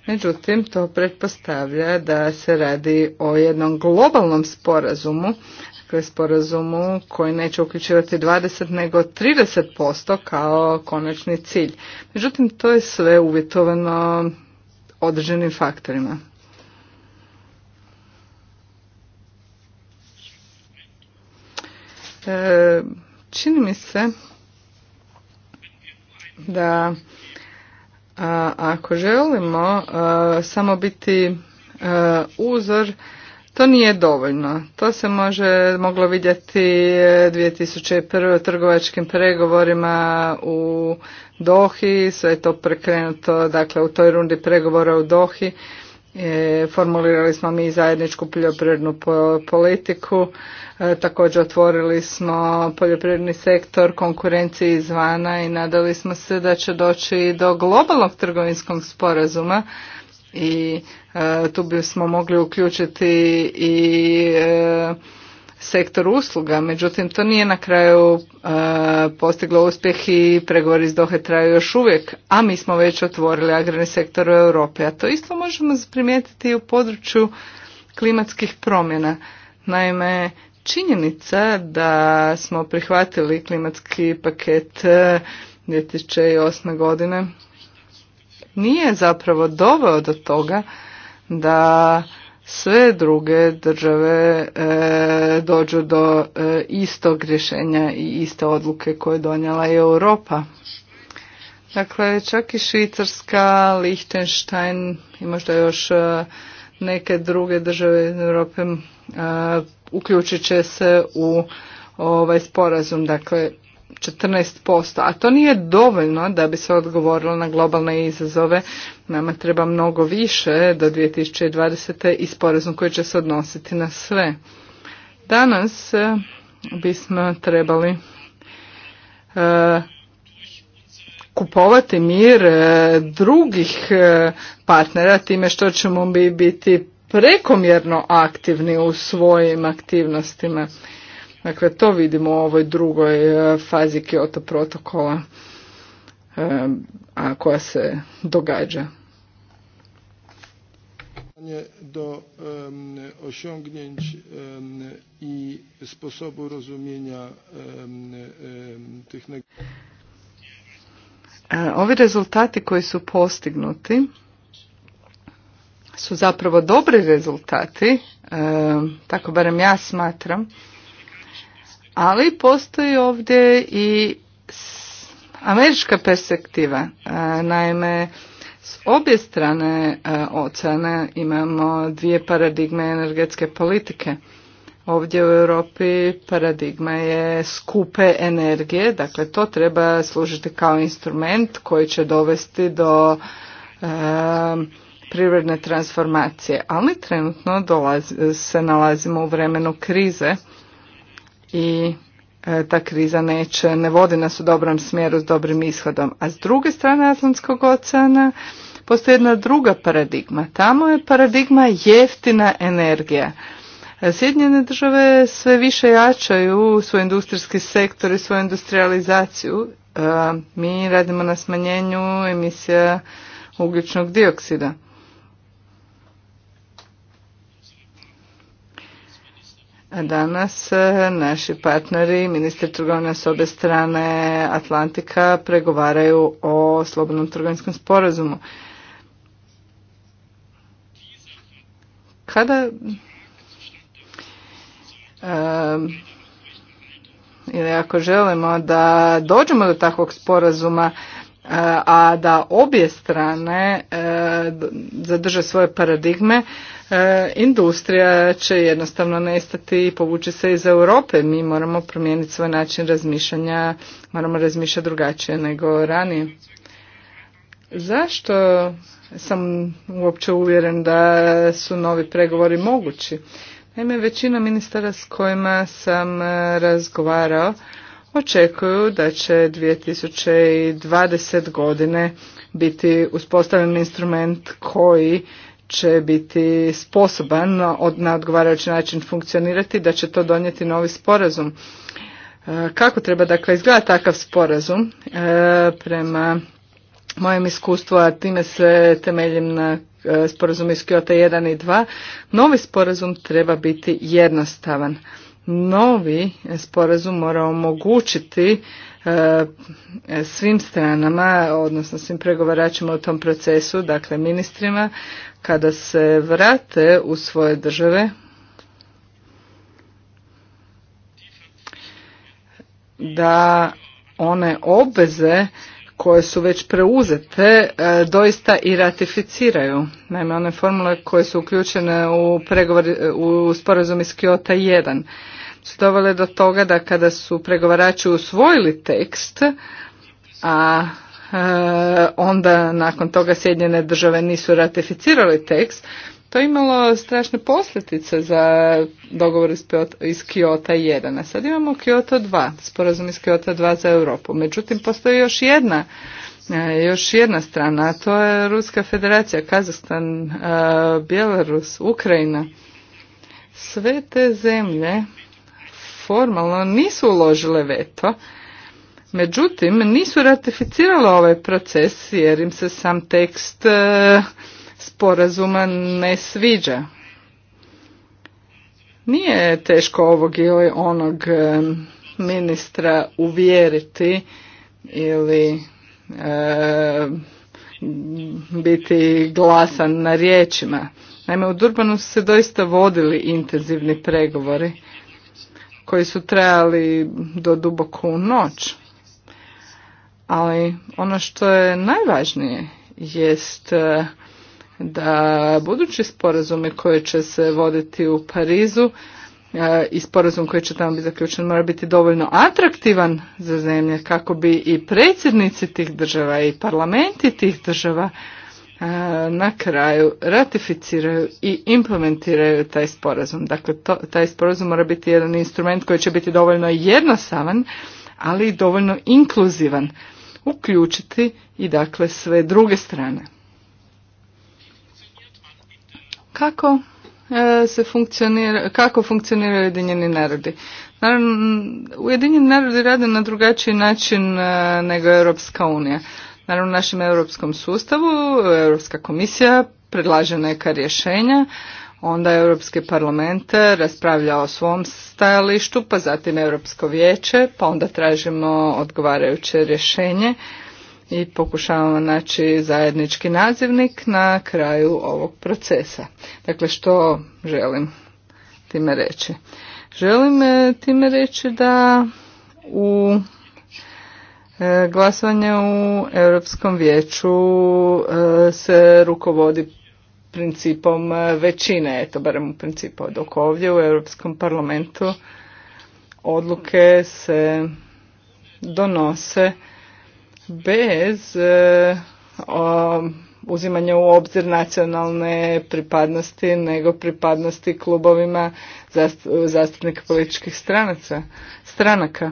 međutim to pretpostavlja da se radi o jednom globalnom sporazumu, dakle sporazumu koji neće uključivati 20 nego 30% kao konačni cilj. Međutim, to je sve uvjetovano određenim faktorima. E, čini mi se da a, ako želimo samo biti uzor to nije dovoljno. To se može moglo vidjeti 2001. E, trgovačkim pregovorima u Dohi, sve je to prekrenuto dakle, u toj rundi pregovora u Dohi. E, formulirali smo mi zajedničku poljoprivrednu politiku, e, također otvorili smo poljoprivredni sektor konkurenciji izvana i nadali smo se da će doći do globalnog trgovinskog sporazuma i e, tu bismo mogli uključiti i e, sektor usluga, međutim to nije na kraju e, postiglo uspjeh i pregovori iz Dohe traju još uvijek, a mi smo već otvorili agrarni sektor u Europi, a to isto možemo primijetiti i u području klimatskih promjena. Naime, činjenica da smo prihvatili klimatski paket 2008. godine nije zapravo doveo do toga da sve druge države e, dođu do e, istog rješenja i iste odluke koje je donijela i Europa. Dakle, čak i Švicarska, Liechtenstein i možda još e, neke druge države Europe e, uključit će se u ovaj sporazum. Dakle, 14%, a to nije dovoljno da bi se odgovorilo na globalne izazove. Nama treba mnogo više do 2020. i sporazum koji će se odnositi na sve. Danas e, bismo trebali e, kupovati mir e, drugih partnera time što ćemo biti prekomjerno aktivni u svojim aktivnostima. Dakle, to vidimo u ovoj drugoj e, fazi Kyoto protokola e, a koja se događa. Do osiągnięć i sposobu rozumienia tych e, Ovi rezultati koji su postignuti su zapravo dobri rezultati, tako barem ja smatram, ali postoji ovdje i američka perspektiva. E, naime, s obje strane e, oceana imamo dvije paradigme energetske politike. Ovdje u Europi paradigma je skupe energije, dakle to treba služiti kao instrument koji će dovesti do e, prirodne transformacije. Ali trenutno se nalazimo u vremenu krize i e, ta kriza neće, ne vodi nas u dobrom smjeru s dobrim ishodom. A s druge strane Atlantskog oceana postoji jedna druga paradigma. Tamo je paradigma jeftina energija. E, Sjedinjene države sve više jačaju svoj industrijski sektor i svoju industrializaciju. E, Mi radimo na smanjenju emisija ugljičnog dioksida. Danas e, naši partneri, ministri trgovine s obje strane Atlantika, pregovaraju o slobodnom trgovinskom sporazumu. Kada ili ako želimo da dođemo do takvog sporazuma, e, a da obje strane e, zadrže svoje paradigme, E, industrija će jednostavno nestati i povući se iz Europe. Mi moramo promijeniti svoj način razmišljanja, moramo razmišljati drugačije nego ranije. Zašto sam uopće uvjeren da su novi pregovori mogući? Naime, većina ministara s kojima sam e, razgovarao očekuju da će 2020 godine biti uspostavljen instrument koji će biti sposoban na odgovarajući način funkcionirati, da će to donijeti novi sporazum. E, kako treba dakle izgleda takav sporazum? E, prema mojem iskustvu, a time se temeljim na e, sporazum iz Kyoto 1 i 2, novi sporazum treba biti jednostavan. Novi sporazum mora omogućiti svim stranama, odnosno svim pregovaračima u tom procesu, dakle ministrima, kada se vrate u svoje države, da one obveze koje su već preuzete e, doista i ratificiraju. Naime, one formule koje su uključene u, pregovor, e, u sporazum iz Kyoto 1 su dovele do toga da kada su pregovarači usvojili tekst, a E, onda nakon toga Sjedinjene države nisu ratificirali tekst, to je imalo strašne posljedice za dogovor iz Kiota 1. A sad imamo Kyoto 2, sporazum iz Kiota 2 za Europu. Međutim, postoji još jedna e, još jedna strana, a to je Ruska federacija, Kazahstan, e, Bjelorus, Ukrajina. Sve te zemlje formalno nisu uložile veto, Međutim, nisu ratificirale ovaj proces jer im se sam tekst e, sporazuma ne sviđa. Nije teško ovog ili onog e, ministra uvjeriti ili e, biti glasan na riječima. Naime, u Durbanu su se doista vodili intenzivni pregovori koji su trajali do duboku noć. Ali ono što je najvažnije jest e, da budući sporazumi koji će se voditi u Parizu e, i sporazum koji će tamo biti zaključen mora biti dovoljno atraktivan za zemlje kako bi i predsjednici tih država i parlamenti tih država e, na kraju ratificiraju i implementiraju taj sporazum. Dakle, taj sporazum mora biti jedan instrument koji će biti dovoljno jednostavan, ali i dovoljno inkluzivan uključiti i dakle sve druge strane. Kako e, se funkcionira, kako funkcioniraju Ujedinjeni narodi? Naravno, Ujedinjeni narodi rade na drugačiji način e, nego Europska unija. Naravno, našem europskom sustavu Europska komisija predlaže neka rješenja, onda Europski parlament raspravlja o svom stajalištu, pa zatim Europsko vijeće, pa onda tražimo odgovarajuće rješenje i pokušavamo naći zajednički nazivnik na kraju ovog procesa. Dakle, što želim time reći? Želim e, time reći da u e, glasovanje u Europskom vijeću e, se rukovodi principom e, većine, eto barem u principu dok ovdje u Europskom parlamentu odluke se donose bez e, o, uzimanja u obzir nacionalne pripadnosti nego pripadnosti klubovima zastupnika političkih stranaca, stranaka.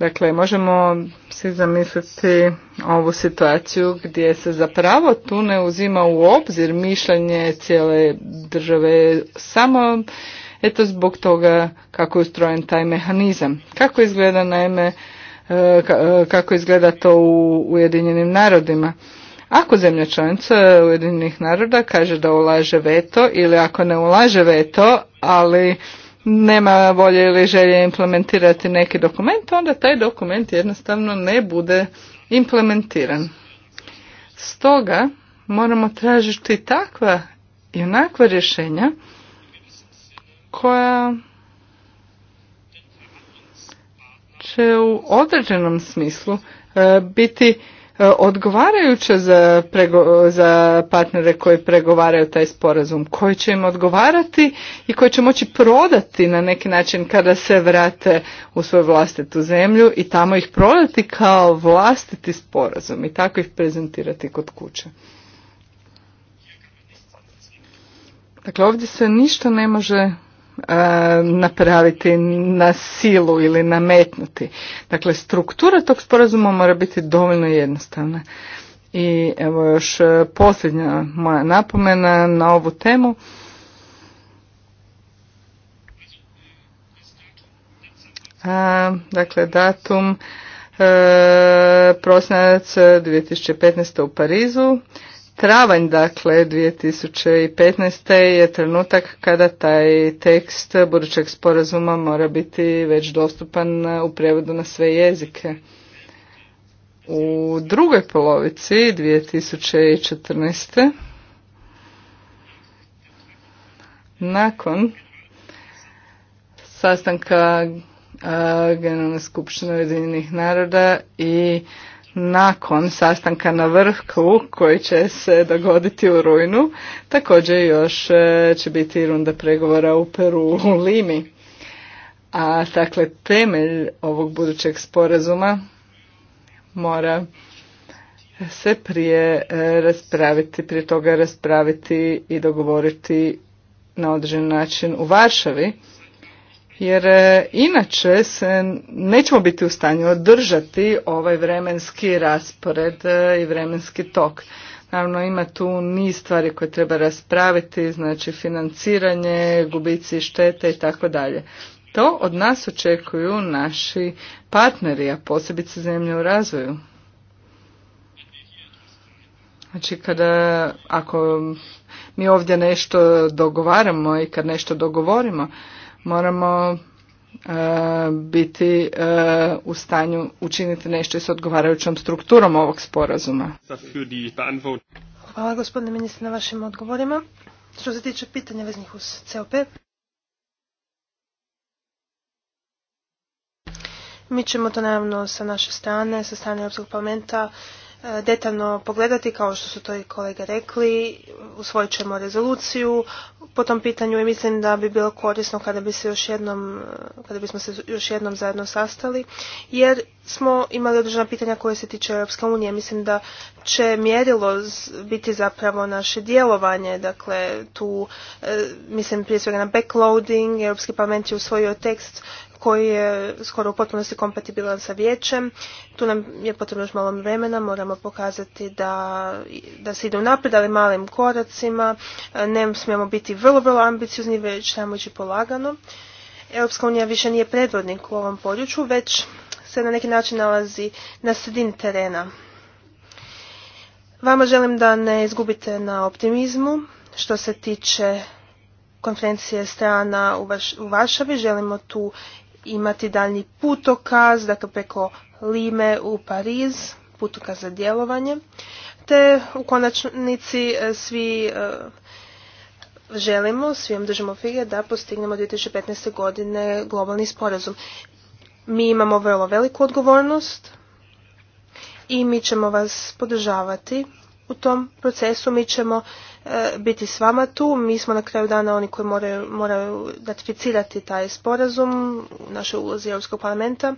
Dakle, možemo si zamisliti ovu situaciju gdje se zapravo tu ne uzima u obzir mišljenje cijele države samo eto zbog toga kako je ustrojen taj mehanizam. Kako izgleda naime, e, e, kako izgleda to u Ujedinjenim narodima. Ako zemlja članica Ujedinjenih naroda kaže da ulaže veto ili ako ne ulaže veto, ali nema volje ili želje implementirati neki dokument, onda taj dokument jednostavno ne bude implementiran. Stoga moramo tražiti takva i onakva rješenja koja će u određenom smislu e, biti E, odgovarajuće za, za partnere koji pregovaraju taj sporazum, koji će im odgovarati i koji će moći prodati na neki način kada se vrate u svoju vlastitu zemlju i tamo ih prodati kao vlastiti sporazum i tako ih prezentirati kod kuće. Dakle, ovdje se ništa ne može napraviti na silu ili nametnuti. Dakle, struktura tog sporazuma mora biti dovoljno jednostavna. I evo još e, posljednja moja napomena na ovu temu. A, dakle, datum e, prosinac 2015. E, u Parizu. Travanj, dakle, 2015. je trenutak kada taj tekst budućeg sporazuma mora biti već dostupan u prevodu na sve jezike. U drugoj polovici 2014. nakon sastanka Generalne skupštine Ujedinjenih naroda i nakon sastanka na vrhu koji će se dogoditi u rujnu. Također još e, će biti runda pregovora u Peru u Limi. A dakle temelj ovog budućeg sporazuma mora se prije e, raspraviti, prije toga raspraviti i dogovoriti na određen način u Varšavi jer e, inače se nećemo biti u stanju održati ovaj vremenski raspored e, i vremenski tok. Naravno ima tu niz stvari koje treba raspraviti, znači financiranje, gubici štete i tako dalje. To od nas očekuju naši partneri, a posebice zemlje u razvoju. Znači kada, ako mi ovdje nešto dogovaramo i kad nešto dogovorimo, moramo e, biti e, u stanju učiniti nešto s odgovarajućom strukturom ovog sporazuma. Hvala gospodine ministre na vašim odgovorima. Što se tiče pitanja veznih uz COP, mi ćemo to naravno sa naše strane, sa strane Europskog parlamenta E, detaljno pogledati, kao što su to i kolege rekli, usvojit ćemo rezoluciju po tom pitanju i mislim da bi bilo korisno kada bi se još jednom, e, kada bismo se još jednom zajedno sastali, jer smo imali određena pitanja koje se tiče Europske unije. Mislim da će mjerilo biti zapravo naše djelovanje, dakle tu e, mislim prije svega na backloading, Europski parlament je usvojio tekst koji je skoro u potpunosti kompatibilan sa vijećem. Tu nam je potrebno još malo vremena, moramo pokazati da, da se ide napred, ali malim koracima. E, ne smijemo biti vrlo, vrlo ambiciozni, već samo ići polagano. Europska unija više nije predvodnik u ovom području, već se na neki način nalazi na sredini terena. Vama želim da ne izgubite na optimizmu što se tiče konferencije strana u, u Varšavi. Želimo tu imati daljni putokaz, dakle preko Lime u Pariz, putokaz za djelovanje, te u konačnici e, svi e, želimo, vam držimo fige da postignemo 2015. godine globalni sporazum. Mi imamo vrlo veliku odgovornost i mi ćemo vas podržavati u tom procesu. Mi ćemo E, biti s vama tu. Mi smo na kraju dana oni koji moraju, moraju ratificirati taj sporazum u našoj ulozi Europskog parlamenta.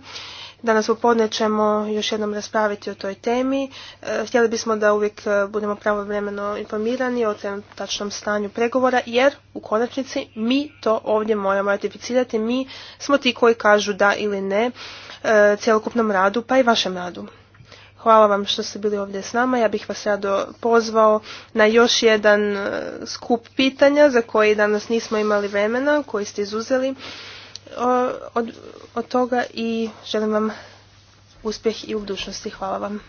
Danas popodne ćemo još jednom raspraviti o toj temi. E, htjeli bismo da uvijek e, budemo pravovremeno informirani o tačnom stanju pregovora, jer u konačnici mi to ovdje moramo ratificirati. Mi smo ti koji kažu da ili ne cjelokupnom radu, pa i vašem radu. Hvala vam što ste bili ovdje s nama. Ja bih vas rado pozvao na još jedan e, skup pitanja za koji danas nismo imali vremena, koji ste izuzeli e, od, od toga i želim vam uspjeh i u budućnosti. Hvala vam.